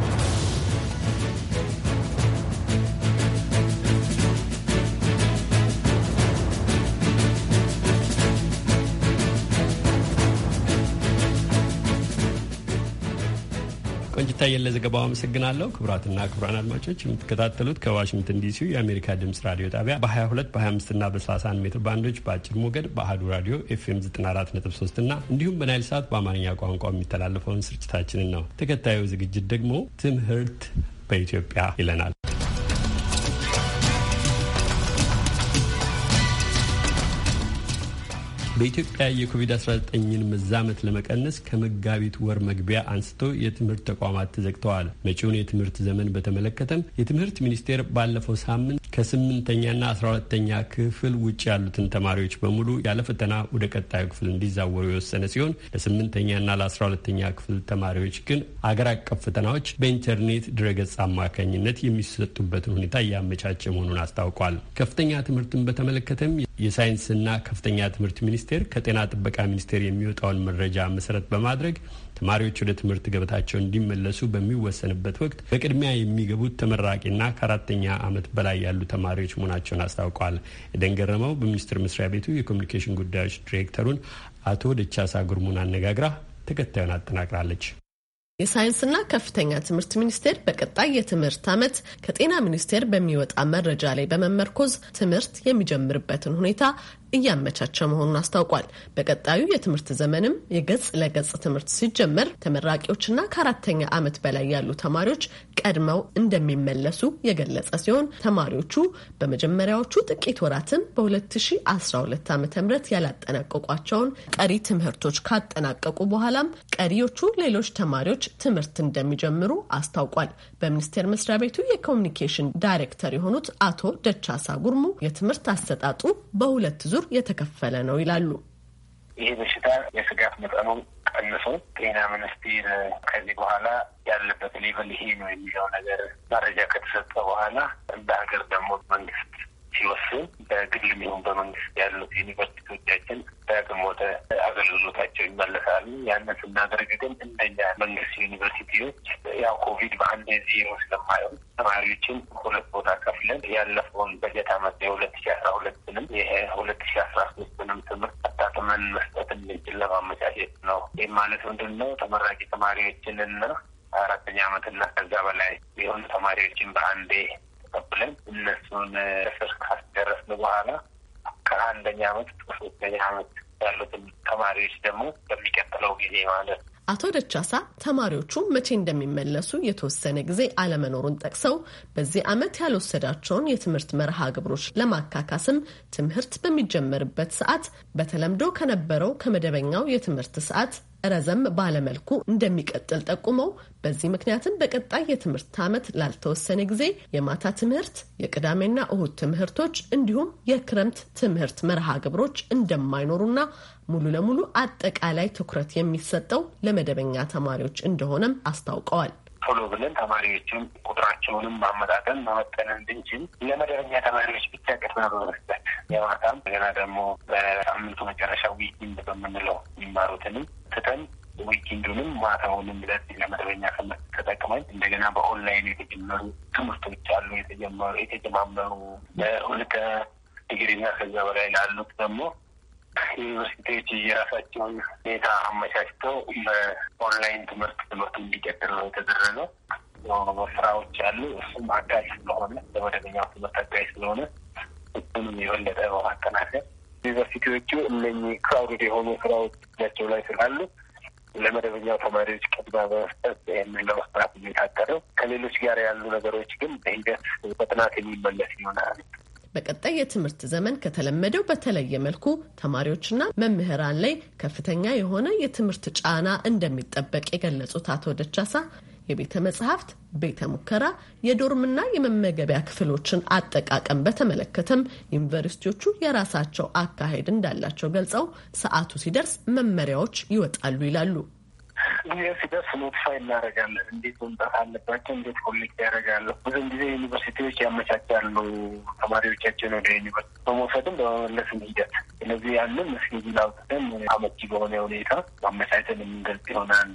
ቆንጅታዬን ለዘገባው አመሰግናለሁ። ክቡራትና ክቡራን አድማጮች የምትከታተሉት ከዋሽንግተን ዲሲ የአሜሪካ ድምጽ ራዲዮ ጣቢያ በ22 በ25ና በ31 ሜትር ባንዶች በአጭር ሞገድ በአህዱ ራዲዮ ኤፍኤም 943 እና እንዲሁም በናይል ሰዓት በአማርኛ ቋንቋ የሚተላለፈውን ስርጭታችንን ነው። ተከታዩ ዝግጅት ደግሞ ትምህርት በኢትዮጵያ ይለናል። በኢትዮጵያ የኮቪድ-19ን መዛመት ለመቀነስ ከመጋቢት ወር መግቢያ አንስቶ የትምህርት ተቋማት ተዘግተዋል። መጪውን የትምህርት ዘመን በተመለከተም የትምህርት ሚኒስቴር ባለፈው ሳምንት ከስምንተኛና አስራ ሁለተኛ ክፍል ውጭ ያሉትን ተማሪዎች በሙሉ ያለ ፈተና ወደ ቀጣዩ ክፍል እንዲዛወሩ የወሰነ ሲሆን ለስምንተኛና ለአስራ ሁለተኛ ክፍል ተማሪዎች ግን አገር አቀፍ ፈተናዎች በኢንተርኔት ድረገጽ አማካኝነት የሚሰጡበትን ሁኔታ እያመቻቸ መሆኑን አስታውቋል። ከፍተኛ ትምህርትን በተመለከተም የሳይንስና ከፍተኛ ትምህርት ሚኒስቴር ሚኒስቴር ከጤና ጥበቃ ሚኒስቴር የሚወጣውን መረጃ መሰረት በማድረግ ተማሪዎች ወደ ትምህርት ገበታቸው እንዲመለሱ በሚወሰንበት ወቅት በቅድሚያ የሚገቡት ተመራቂና ከአራተኛ ዓመት በላይ ያሉ ተማሪዎች መሆናቸውን አስታውቋል። ደንገረመው በሚኒስትር በሚኒስቴር መስሪያ ቤቱ የኮሚኒኬሽን ጉዳዮች ዲሬክተሩን አቶ ደቻሳ ጉርሙን አነጋግራ ተከታዩን አጠናቅራለች።
የሳይንስና ከፍተኛ ትምህርት ሚኒስቴር በቀጣይ የትምህርት ዓመት ከጤና ሚኒስቴር በሚወጣ መረጃ ላይ በመመርኮዝ ትምህርት የሚጀምርበትን ሁኔታ እያመቻቸ መሆኑን አስታውቋል። በቀጣዩ የትምህርት ዘመንም የገጽ ለገጽ ትምህርት ሲጀመር ተመራቂዎችና ከአራተኛ ዓመት በላይ ያሉ ተማሪዎች ቀድመው እንደሚመለሱ የገለጸ ሲሆን ተማሪዎቹ በመጀመሪያዎቹ ጥቂት ወራትም በ2012 ዓ ም ያላጠናቀቋቸውን ቀሪ ትምህርቶች ካጠናቀቁ በኋላም ቀሪዎቹ ሌሎች ተማሪዎች ትምህርት እንደሚጀምሩ አስታውቋል። በሚኒስቴር መስሪያ ቤቱ የኮሚኒኬሽን ዳይሬክተር የሆኑት አቶ ደቻሳ ጉርሙ የትምህርት አሰጣጡ በሁለት ዙር የተከፈለ ነው ይላሉ።
ይህ በሽታ የስጋት መጠኑ ቀንሶ ጤና ሚኒስቴር ከዚህ በኋላ ያለበት ሌቨል ይሄ ነው የሚለው ነገር መረጃ ከተሰጠ በኋላ እንደ ሀገር ደግሞ መንግስት ሲወስን በግል ሚሆን በመንግስት ያሉት ዩኒቨርሲቲዎቻችን ዳግም ወደ አገልግሎታቸው ይመለሳሉ። ያንን ስናደርግ ግን እንደኛ መንግስት ዩኒቨርሲቲዎች ያው ኮቪድ በአንድ ጊዜ ስለማየው ተማሪዎችን ሁለት ቦታ ከፍለን ያለፈውን በጀት ዓመት የሁለት ሺ አስራ ሁለትንም የሁለት ሺ አስራ ሶስትንም ትምህርት አጣጥመን መስጠት እንችል ለማመቻቸት ነው። ይህም ማለት ምንድን ነው ተመራቂ ተማሪዎችንና አራተኛ ዓመትና ከዛ በላይ የሆኑ ተማሪዎችን በአንዴ ተቀብለን እነሱን ስር ካስደረስን በኋላ ከአንደኛ ዓመት ከሶስተኛ ዓመት ያሉትን ተማሪዎች ደግሞ በሚቀጥለው ጊዜ ማለት ነው
አቶ ደቻሳ ተማሪዎቹ መቼ እንደሚመለሱ የተወሰነ ጊዜ አለመኖሩን ጠቅሰው በዚህ ዓመት ያልወሰዳቸውን የትምህርት መርሃ ግብሮች ለማካካስም ትምህርት በሚጀመርበት ሰዓት በተለምዶ ከነበረው ከመደበኛው የትምህርት ሰዓት ረዘም ባለመልኩ እንደሚቀጥል ጠቁመው በዚህ ምክንያትም በቀጣይ የትምህርት ዓመት ላልተወሰነ ጊዜ የማታ ትምህርት፣ የቅዳሜና እሁድ ትምህርቶች እንዲሁም የክረምት ትምህርት መርሃ ግብሮች እንደማይኖሩና ሙሉ ለሙሉ አጠቃላይ ትኩረት የሚሰጠው ለመደበኛ ተማሪዎች እንደሆነም አስታውቀዋል።
ቶሎ ብለን ተማሪዎችን ቁጥራቸውንም ማመጣጠን መመጠን እንድንችል ለመደበኛ ተማሪዎች ብቻ ቅድሚያ በመስጠት የማታም ገና ደግሞ በሳምንቱ መጨረሻ ዊኪንድ በምንለው የሚማሩትንም ትተን ዊኪንዱንም ማታውንም ብለት ለመደበኛ ትምህርት ተጠቅመን እንደገና በኦንላይን የተጀመሩ ትምህርቶች አሉ። የተጀመሩ የተጀማመሩ በሁለተ ዲግሪና ከዛ በላይ ላሉት ደግሞ ዩኒቨርሲቲዎች የራሳቸውን ሁኔታ አመቻችተው በኦንላይን ትምህርት ትምህርቱ እንዲቀጥል ነው የተደረገው። ስራዎች አሉ። እሱም አጋዥ ስለሆነ ለመደበኛው ትምህርት አጋዥ ስለሆነ እሱንም የበለጠ በማጠናከር ዩኒቨርሲቲዎቹ እነኚህ ክራውድድ የሆኑ ስራዎች እጃቸው ላይ ስላሉ ለመደበኛው ተማሪዎች ቅድሚያ በመስጠት ይህንን ለመስራት የሚታቀደው ከሌሎች ጋር ያሉ ነገሮች ግን በሂደት በጥናት የሚመለስ ይሆናል።
በቀጣይ የትምህርት ዘመን ከተለመደው በተለየ መልኩ ተማሪዎችና መምህራን ላይ ከፍተኛ የሆነ የትምህርት ጫና እንደሚጠበቅ የገለጹት አቶ ደቻሳ የቤተ መጽሐፍት፣ ቤተ ሙከራ፣ የዶርምና የመመገቢያ ክፍሎችን አጠቃቀም በተመለከተም ዩኒቨርሲቲዎቹ የራሳቸው አካሄድ እንዳላቸው ገልጸው ሰዓቱ ሲደርስ መመሪያዎች ይወጣሉ ይላሉ። ኢሜል ሲደርስ ኖቲፋይ እናደርጋለን። እንዴት መምጣት አለባቸው፣ እንዴት
ኮሌክት ያደርጋሉ። ብዙን ጊዜ ዩኒቨርሲቲዎች ያመቻቻሉ ተማሪዎቻቸውን ወደ ዩኒቨርሲቲ በመውሰድም በመመለስም ሂደት። ስለዚህ ያንን መስጌጅን አውጥተን አመቺ በሆነ ሁኔታ ማመቻቸን የምንገልጽ ይሆናል።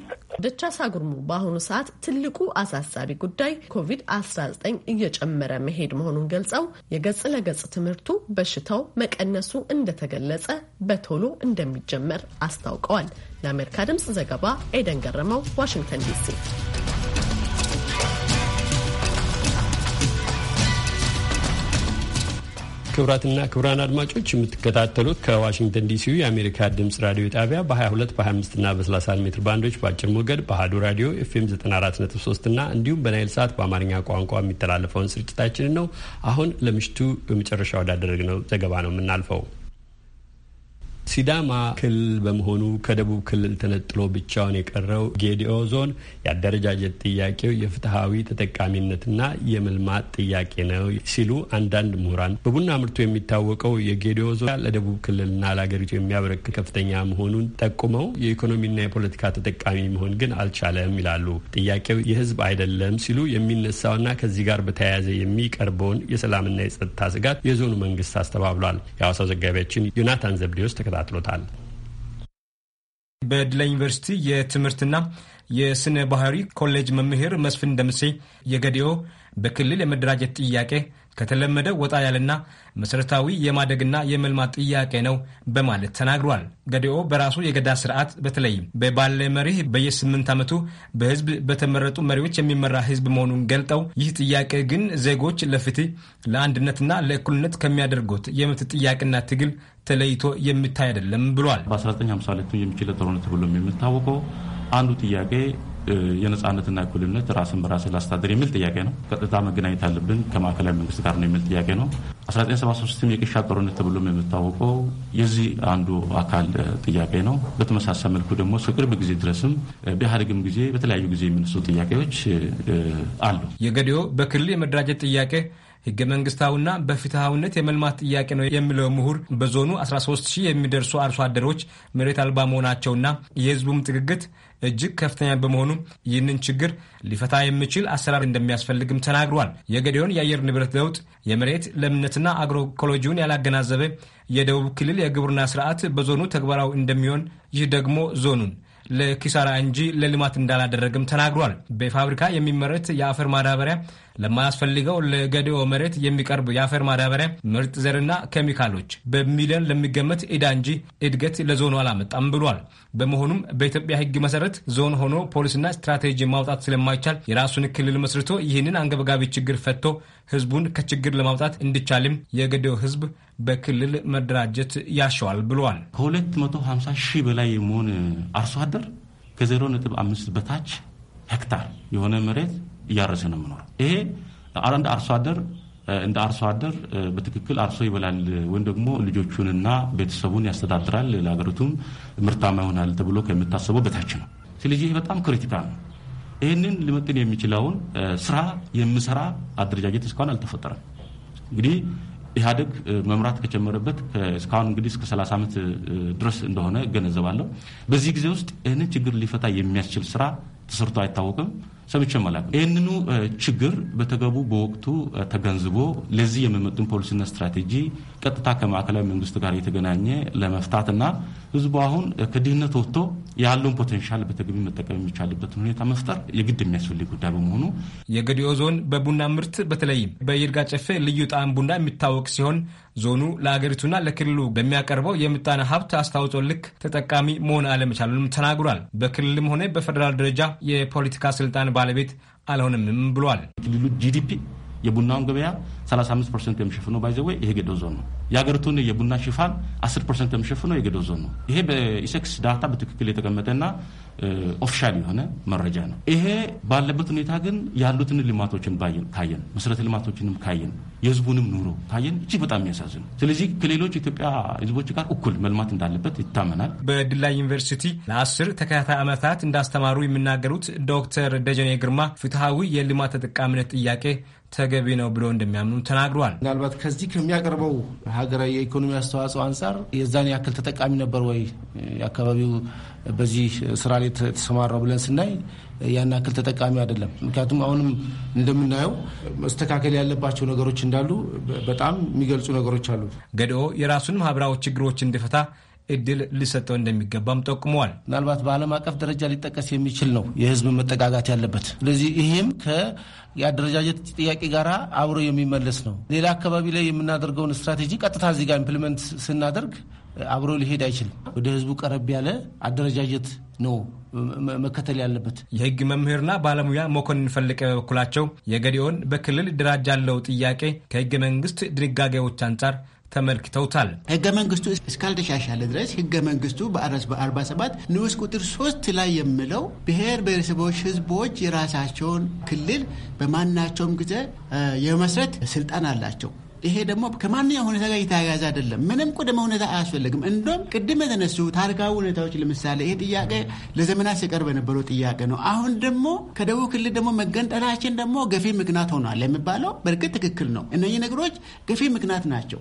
ደቻ ሳጉርሙ በአሁኑ ሰዓት ትልቁ አሳሳቢ ጉዳይ ኮቪድ አስራ ዘጠኝ እየጨመረ መሄድ መሆኑን ገልጸው የገጽ ለገጽ ትምህርቱ በሽታው መቀነሱ እንደተገለጸ በቶሎ እንደሚጀመር አስታውቀዋል። ለአሜሪካ ድምፅ ዘገባ ኤደን ገረመው፣ ዋሽንግተን ዲሲ።
ክቡራትና ክቡራን አድማጮች የምትከታተሉት ከዋሽንግተን ዲሲው የአሜሪካ ድምጽ ራዲዮ ጣቢያ በ22 በ25ና በ31 ሜትር ባንዶች በአጭር ሞገድ በአሀዱ ራዲዮ ኤፍኤም 94.3 እና እንዲሁም በናይል ሰዓት በአማርኛ ቋንቋ የሚተላለፈውን ስርጭታችንን ነው። አሁን ለምሽቱ በመጨረሻ ነው ዘገባ ነው የምናልፈው። ሲዳማ ክልል በመሆኑ ከደቡብ ክልል ተነጥሎ ብቻውን የቀረው ጌዲኦ ዞን የአደረጃጀት ጥያቄው የፍትሐዊ ተጠቃሚነትና የመልማት ጥያቄ ነው ሲሉ አንዳንድ ምሁራን፣ በቡና ምርቱ የሚታወቀው የጌዲኦ ዞን ለደቡብ ክልልና ለሀገሪቱ የሚያበረክት ከፍተኛ መሆኑን ጠቁመው የኢኮኖሚና የፖለቲካ ተጠቃሚ መሆን ግን አልቻለም ይላሉ። ጥያቄው የህዝብ አይደለም ሲሉ የሚነሳውና ከዚህ ጋር በተያያዘ የሚቀርበውን የሰላምና የጸጥታ ስጋት የዞኑ መንግስት አስተባብሏል። የሐዋሳው ዘጋቢያችን ዮናታን ዘብዴዎስ ተከታ አቀጣጥሎታል።
በዲላ ዩኒቨርሲቲ የትምህርትና የስነ ባህሪ ኮሌጅ መምህር መስፍን ደምሴ የገዲኦ በክልል የመደራጀት ጥያቄ ከተለመደ ወጣ ያለና መሠረታዊ የማደግና የመልማት ጥያቄ ነው በማለት ተናግሯል። ገዲኦ በራሱ የገዳ ስርዓት በተለይም በባለ መሪህ በየስምንት ዓመቱ በህዝብ በተመረጡ መሪዎች የሚመራ ህዝብ መሆኑን ገልጠው ይህ ጥያቄ ግን ዜጎች ለፍትህ ለአንድነትና ለእኩልነት ከሚያደርጉት
የመብት ጥያቄና ትግል ተለይቶ የሚታይ አይደለም ብሏል። በ1952 የሚችለ ጦርነት ብሎ የሚታወቀው አንዱ ጥያቄ የነጻነትና እኩልነት ራስን በራስ ላስተዳደር የሚል ጥያቄ ነው። ቀጥታ መገናኘት አለብን ከማዕከላዊ መንግስት ጋር ነው የሚል ጥያቄ ነው። 1973 የቅሻ ጦርነት ተብሎ የሚታወቀው የዚህ አንዱ አካል ጥያቄ ነው። በተመሳሳይ መልኩ ደግሞ እስከ ቅርብ ጊዜ ድረስም በኢህአዴግም ጊዜ በተለያዩ ጊዜ የሚነሱ ጥያቄዎች
አሉ። የገዲዮ በክልል የመደራጀት ጥያቄ ህገ መንግስታዊና በፍትሐዊነት የመልማት ጥያቄ ነው የሚለው ምሁር በዞኑ 13 ሺህ የሚደርሱ አርሶ አደሮች መሬት አልባ መሆናቸውና የህዝቡም ጥግግት እጅግ ከፍተኛ በመሆኑ ይህንን ችግር ሊፈታ የሚችል አሰራር እንደሚያስፈልግም ተናግሯል። የገዲዮን የአየር ንብረት ለውጥ የመሬት ለምነትና አግሮኢኮሎጂውን ያላገናዘበ የደቡብ ክልል የግብርና ስርዓት በዞኑ ተግባራዊ እንደሚሆን ይህ ደግሞ ዞኑን ለኪሳራ እንጂ ለልማት እንዳላደረግም ተናግሯል። በፋብሪካ የሚመረት የአፈር ማዳበሪያ ለማያስፈልገው ለገዴኦ መሬት የሚቀርብ የአፈር ማዳበሪያ፣ ምርጥ ዘርና ኬሚካሎች በሚሊዮን ለሚገመት ዕዳ እንጂ እድገት ለዞኑ አላመጣም ብሏል። በመሆኑም በኢትዮጵያ ሕግ መሰረት ዞን ሆኖ ፖሊስና ስትራቴጂ ማውጣት ስለማይቻል የራሱን ክልል መስርቶ ይህንን አንገብጋቢ ችግር ፈቶ ህዝቡን ከችግር ለማውጣት እንዲቻልም የገዴኦ ህዝብ
በክልል መደራጀት ያሻዋል ብሏል ከ ከ250 ሺህ በላይ የሚሆን አርሶ አደር ከ0.5 በታች ሄክታር የሆነ መሬት እያረሰ ነው የምኖረው። ይሄ አንድ አርሶ አደር እንደ አርሶ አደር በትክክል አርሶ ይበላል ወይም ደግሞ ልጆቹንና ቤተሰቡን ያስተዳድራል ለሀገሪቱም ምርታማ ይሆናል ተብሎ ከሚታሰበው በታች ነው። ስለዚህ ይህ በጣም ክሪቲካል ነው። ይህንን ሊመጥን የሚችለውን ስራ የሚሰራ አደረጃጀት እስካሁን አልተፈጠረም። እንግዲህ ኢህአዴግ መምራት ከጀመረበት እስካሁን እንግዲህ እስከ 30 ዓመት ድረስ እንደሆነ እገነዘባለሁ። በዚህ ጊዜ ውስጥ ይህንን ችግር ሊፈታ የሚያስችል ስራ ተሰርቶ አይታወቅም። ሰምቼ አላውቅም። ይህንኑ ችግር በተገቡ በወቅቱ ተገንዝቦ ለዚህ የሚመጥን ፖሊሲና ስትራቴጂ ቀጥታ ከማዕከላዊ መንግስት ጋር የተገናኘ ለመፍታትና ህዝቡ አሁን ከድህነት ወጥቶ ያለውን ፖቴንሻል በተገቢ መጠቀም የሚቻልበትን ሁኔታ መፍጠር የግድ የሚያስፈልግ ጉዳይ በመሆኑ የገዲኦ
ዞን በቡና ምርት በተለይም በይርጋ ጨፌ ልዩ ጣዕም ቡና የሚታወቅ ሲሆን ዞኑ ለአገሪቱና ለክልሉ በሚያቀርበው የምጣኔ ሀብት አስተዋጽኦ ልክ ተጠቃሚ መሆን አለመቻሉንም ተናግሯል። በክልልም ሆነ በፌዴራል ደረጃ የፖለቲካ ስልጣን ባለቤት አልሆንም ብሏል።
ክልሉ ጂዲፒ የቡናውን ገበያ 35 ፐርሰንት የሚሸፍነው ባይዘወይ ይሄ ጌዶ ዞን ነው። የሀገሪቱን የቡና ሽፋን 10 ፐርሰንት የሚሸፍነው የጌዶ ዞን ነው። ይሄ በኢሴክስ ዳታ በትክክል የተቀመጠና ኦፊሻል የሆነ መረጃ ነው። ይሄ ባለበት ሁኔታ ግን ያሉትን ልማቶችን ካየን፣ መሰረተ ልማቶችንም ካየን፣ የህዝቡንም ኑሮ ካየን እጅግ በጣም የሚያሳዝን ነው። ስለዚህ ከሌሎች ኢትዮጵያ ህዝቦች ጋር እኩል መልማት እንዳለበት ይታመናል። በድላ ዩኒቨርሲቲ
ለአስር
ተከታታይ ዓመታት እንዳስተማሩ የሚናገሩት ዶክተር ደጀኔ ግርማ ፍትሐዊ የልማት ተጠቃሚነት ጥያቄ ተገቢ ነው ብሎ እንደሚያምኑ ተናግሯል። ምናልባት ከዚህ ከሚያቀርበው ሀገራዊ
የኢኮኖሚ አስተዋጽኦ አንጻር የዛን ያክል ተጠቃሚ ነበር ወይ አካባቢው በዚህ ስራ ላይ ተሰማራው ብለን ስናይ ያን ያክል ተጠቃሚ አይደለም። ምክንያቱም አሁንም እንደምናየው መስተካከል ያለባቸው ነገሮች እንዳሉ በጣም የሚገልጹ ነገሮች አሉ።
ገድኦ የራሱን ማህበራዊ ችግሮች እንዲፈታ እድል ሊሰጠው እንደሚገባም ጠቁመዋል። ምናልባት
በዓለም አቀፍ ደረጃ ሊጠቀስ የሚችል ነው የህዝብ መጠጋጋት ያለበት። ስለዚህ ይህም ከአደረጃጀት ጥያቄ ጋር አብሮ የሚመለስ ነው። ሌላ አካባቢ ላይ የምናደርገውን ስትራቴጂ ቀጥታ እዚህ ጋር ኢምፕሊመንት ስናደርግ አብሮ ሊሄድ አይችልም። ወደ ህዝቡ ቀረብ ያለ አደረጃጀት ነው መከተል ያለበት።
የህግ መምህርና ባለሙያ መኮንን ፈለቀ በበኩላቸው የገዲኦን በክልል ደረጃ ያለው ጥያቄ ከህገ መንግስት ድንጋጌዎች አንጻር ተመልክተውታል።
ህገ መንግስቱ እስካልተሻሻለ ድረስ ህገ መንግስቱ በ47 ንዑስ ቁጥር ሶስት ላይ የምለው ብሔር ብሔረሰቦች፣ ህዝቦች የራሳቸውን ክልል በማናቸውም ጊዜ የመስረት ስልጣን አላቸው። ይሄ ደግሞ ከማንኛው ሁኔታ ጋር የተያያዘ አይደለም። ምንም ቅድመ ሁኔታ አያስፈልግም። እንደም ቅድም የተነሱ ታሪካዊ ሁኔታዎች ለምሳሌ ይሄ ጥያቄ ለዘመናት ሲቀርብ የነበረው ጥያቄ ነው። አሁን ደግሞ ከደቡብ ክልል ደግሞ መገንጠላችን ደግሞ ገፊ ምክንያት ሆኗል የሚባለው በእርግጥ ትክክል ነው። እነኚህ ነገሮች ገፊ ምክንያት ናቸው።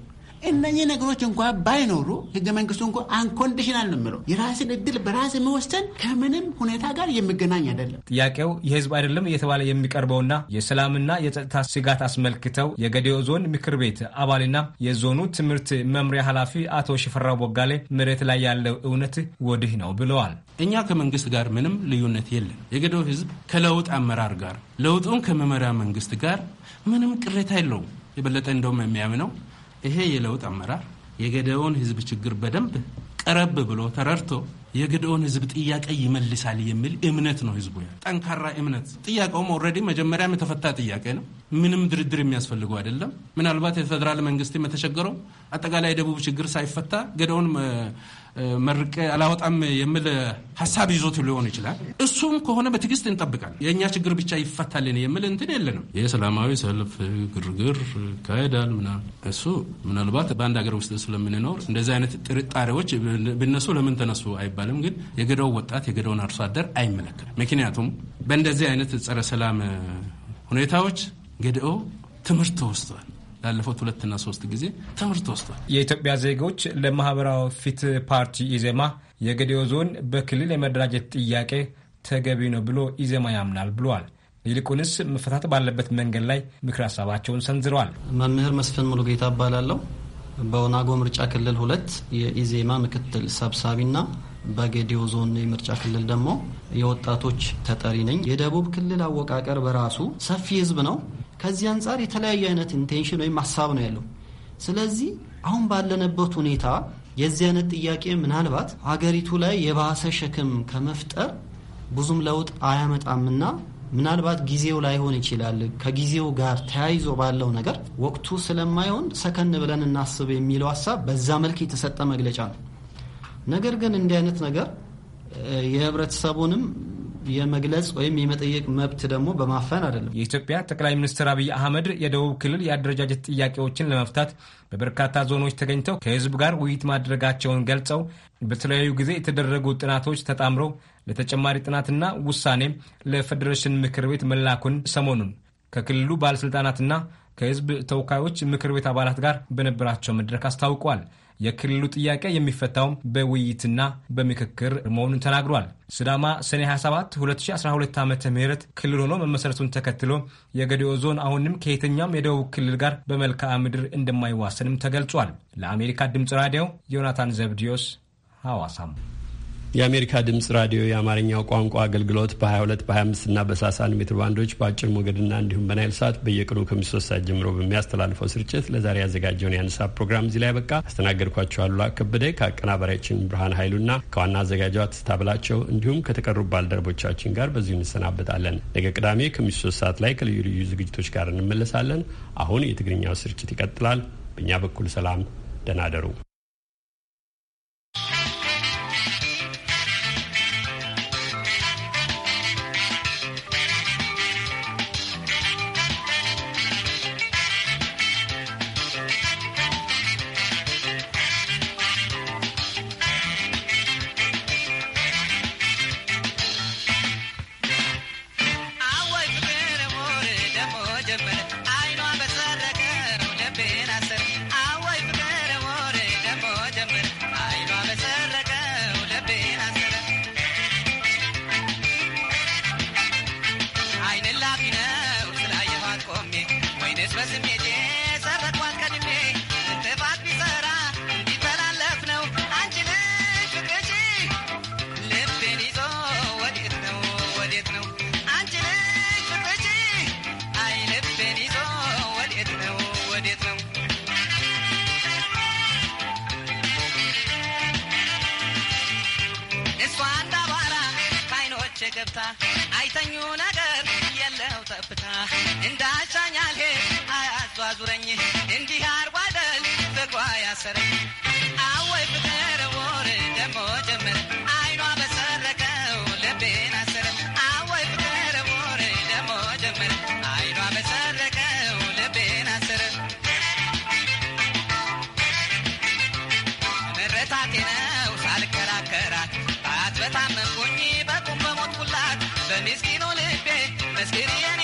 እነኚህ ነገሮች እንኳ ባይኖሩ ህገ መንግስቱ እንኳ አንኮንዲሽናል ነው የሚለው የራስን እድል በራስ መወሰን ከምንም ሁኔታ ጋር የሚገናኝ አይደለም።
ጥያቄው የህዝብ አይደለም እየተባለ የሚቀርበውና የሰላምና የጸጥታ ስጋት አስመልክተው የገዲዮ ዞን ምክር ቤት አባልና የዞኑ ትምህርት መምሪያ ኃላፊ አቶ ሽፈራው ቦጋሌ መሬት ላይ ያለው እውነት ወዲህ ነው ብለዋል። እኛ
ከመንግስት ጋር ምንም ልዩነት የለም። የገዲዮ ህዝብ ከለውጥ አመራር ጋር ለውጡን ከመመሪያ መንግስት ጋር ምንም ቅሬታ የለውም። የበለጠ እንደውም የሚያምነው ይሄ የለውጥ አመራር የገደውን ህዝብ ችግር በደንብ ቀረብ ብሎ ተረድቶ የግድኦን ህዝብ ጥያቄ ይመልሳል የሚል እምነት ነው ህዝቡ ያለ ጠንካራ እምነት። ጥያቄውም ኦልሬዲ መጀመሪያም የተፈታ ጥያቄ ነው። ምንም ድርድር የሚያስፈልገው አይደለም። ምናልባት የፌዴራል መንግስት የተቸገረው አጠቃላይ የደቡብ ችግር ሳይፈታ ገደውን መርቀ አላወጣም የሚል ሀሳብ ይዞት ሊሆን ይችላል። እሱም ከሆነ በትዕግስት እንጠብቃለን። የእኛ ችግር ብቻ ይፈታልን የሚል እንትን የለንም። የሰላማዊ ሰልፍ ግርግር ይካሄዳል ምናምን፣ እሱ ምናልባት በአንድ ሀገር ውስጥ ስለምንኖር እንደዚህ አይነት ጥርጣሬዎች ብነሱ ለምን ተነሱ አይባልም። ግን የገዳው ወጣት የገዳውን አርሶ አደር አይመለከትም። ምክንያቱም በእንደዚህ አይነት ጸረ ሰላም ሁኔታዎች ገዳው ትምህርት ተወስቷል። ላለፉት ሁለትና ሶስት ጊዜ ትምህርት ወስዷል።
የኢትዮጵያ ዜጎች ለማህበራዊ ፍትህ ፓርቲ ኢዜማ የገዲዮ ዞን በክልል የመደራጀት ጥያቄ ተገቢ ነው ብሎ ኢዜማ ያምናል ብሏል። ይልቁንስ መፈታት ባለበት
መንገድ ላይ ምክር ሀሳባቸውን ሰንዝረዋል። መምህር መስፍን ሙሉጌታ እባላለሁ። በወናጎ ምርጫ ክልል ሁለት የኢዜማ ምክትል ሰብሳቢና በጌዲዮ ዞን የምርጫ ክልል ደግሞ የወጣቶች ተጠሪ ነኝ። የደቡብ ክልል አወቃቀር በራሱ ሰፊ ህዝብ ነው። ከዚህ አንጻር የተለያየ አይነት ኢንቴንሽን ወይም ሀሳብ ነው ያለው። ስለዚህ አሁን ባለንበት ሁኔታ የዚህ አይነት ጥያቄ ምናልባት ሀገሪቱ ላይ የባሰ ሸክም ከመፍጠር ብዙም ለውጥ አያመጣምና ምናልባት ጊዜው ላይሆን ይችላል። ከጊዜው ጋር ተያይዞ ባለው ነገር ወቅቱ ስለማይሆን ሰከን ብለን እናስብ የሚለው ሀሳብ በዛ መልክ የተሰጠ መግለጫ ነው። ነገር ግን እንዲህ አይነት ነገር የህብረተሰቡንም የመግለጽ ወይም የመጠየቅ መብት ደግሞ በማፈን አይደለም። የኢትዮጵያ
ጠቅላይ ሚኒስትር አብይ አህመድ የደቡብ ክልል የአደረጃጀት ጥያቄዎችን ለመፍታት በበርካታ ዞኖች ተገኝተው ከህዝብ ጋር ውይይት ማድረጋቸውን ገልጸው በተለያዩ ጊዜ የተደረጉ ጥናቶች ተጣምረው ለተጨማሪ ጥናትና ውሳኔም ለፌዴሬሽን ምክር ቤት መላኩን ሰሞኑን ከክልሉ ባለሥልጣናትና ከህዝብ ተወካዮች ምክር ቤት አባላት ጋር በነበራቸው መድረክ አስታውቋል። የክልሉ ጥያቄ የሚፈታውም በውይይትና በምክክር መሆኑን ተናግሯል። ሲዳማ ሰኔ 27 2012 ዓ ም ክልል ሆኖ መመሰረቱን ተከትሎ የገዲኦ ዞን አሁንም ከየትኛውም የደቡብ ክልል ጋር በመልክዓ ምድር እንደማይዋሰንም ተገልጿል። ለአሜሪካ ድምፅ ራዲዮ ዮናታን ዘብዲዮስ ሐዋሳም
የአሜሪካ ድምፅ ራዲዮ የአማርኛው ቋንቋ አገልግሎት በ22 በ25 እና በ31 ሜትር ባንዶች በአጭር ሞገድና እንዲሁም በናይል ሰዓት በየቀኑ ከምሽቱ ሶስት ሰዓት ጀምሮ በሚያስተላልፈው ስርጭት ለዛሬ ያዘጋጀውን የአንሳ ፕሮግራም እዚህ ላይ ያበቃ። አስተናገድኳቸው አሉላ ከበደ ከአቀናባሪያችን ብርሃን ኃይሉና ከዋና አዘጋጇ ትስታ ብላቸው እንዲሁም ከተቀሩ ባልደረቦቻችን ጋር በዚሁ እንሰናበታለን። ነገ ቅዳሜ ከምሽቱ ሶስት ሰዓት ላይ ከልዩ ልዩ ዝግጅቶች ጋር እንመለሳለን። አሁን የትግርኛው ስርጭት ይቀጥላል። በእኛ በኩል ሰላም፣ ደህና እደሩ።
ብርታቴ ነው ሳልከራከራት በአት በቁም በሚስኪኑ ልቤ መስክር የኔ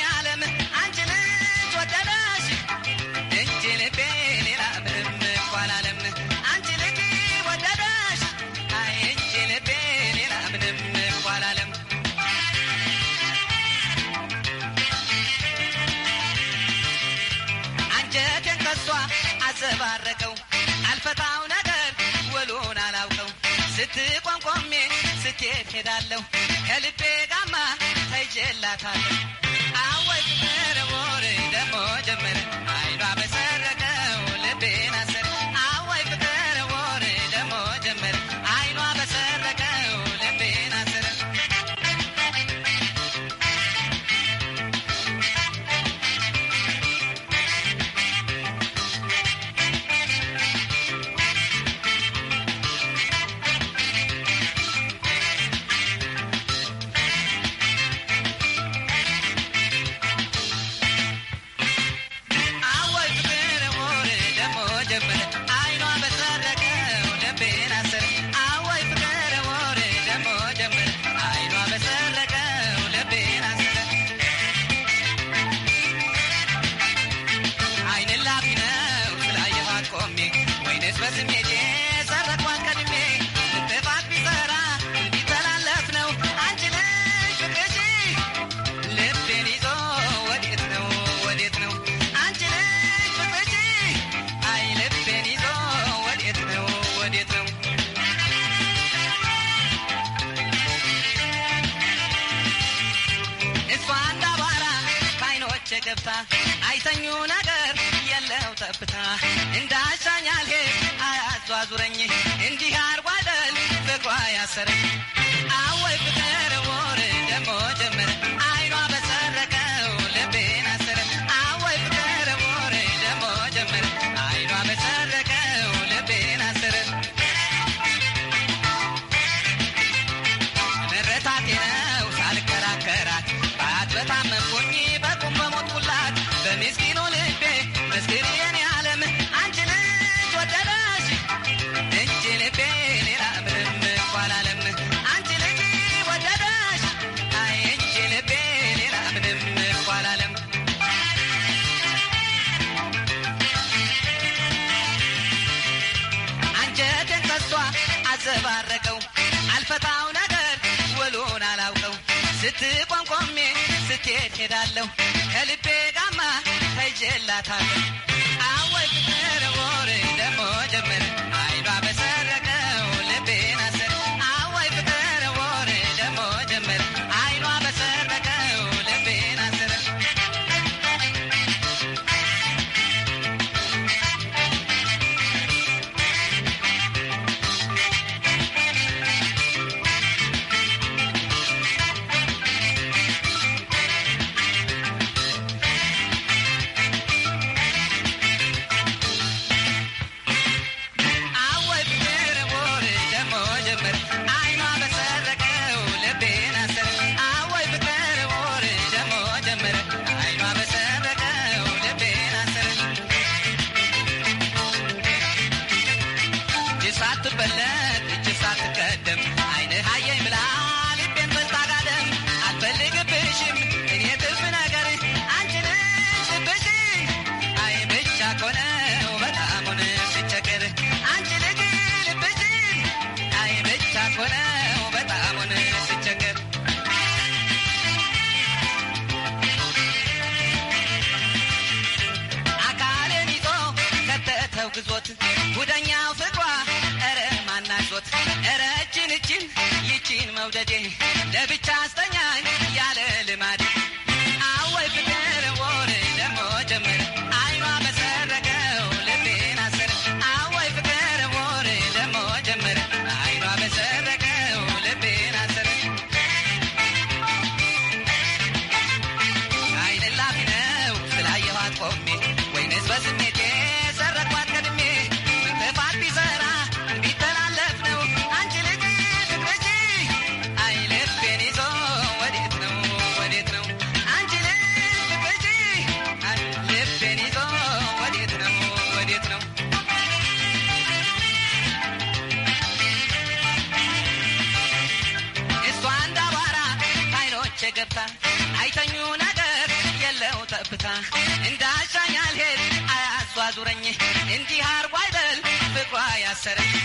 ተቋምቋሜ ስኬት ሄዳለሁ ከልቤ ጋማ ተይዤላታለሁ አወቅ መረቦሬ ደግሞ ጀመረ አይኗ ገባ አይተኙ ነገር የለው ጠብታ እንዳሻኛል አያዟዙረኝ እንዲህ አርጓደል ፍቅሯ ያሰረኝ አወይ ፍቅር ወር ደሞ ጀመረ አይ ስቆንቆሜ ስትሄድ ሄዳለሁ ከልቤ ጋማ ተይዤላታለሁ አወይ እጅ ሳትበለጥ እጅ ሳትቀደም አይንህ አየኝ of the ያዙረኝ እንዲህ አርጓ አይበል ፍቅሯ ያሰረኝ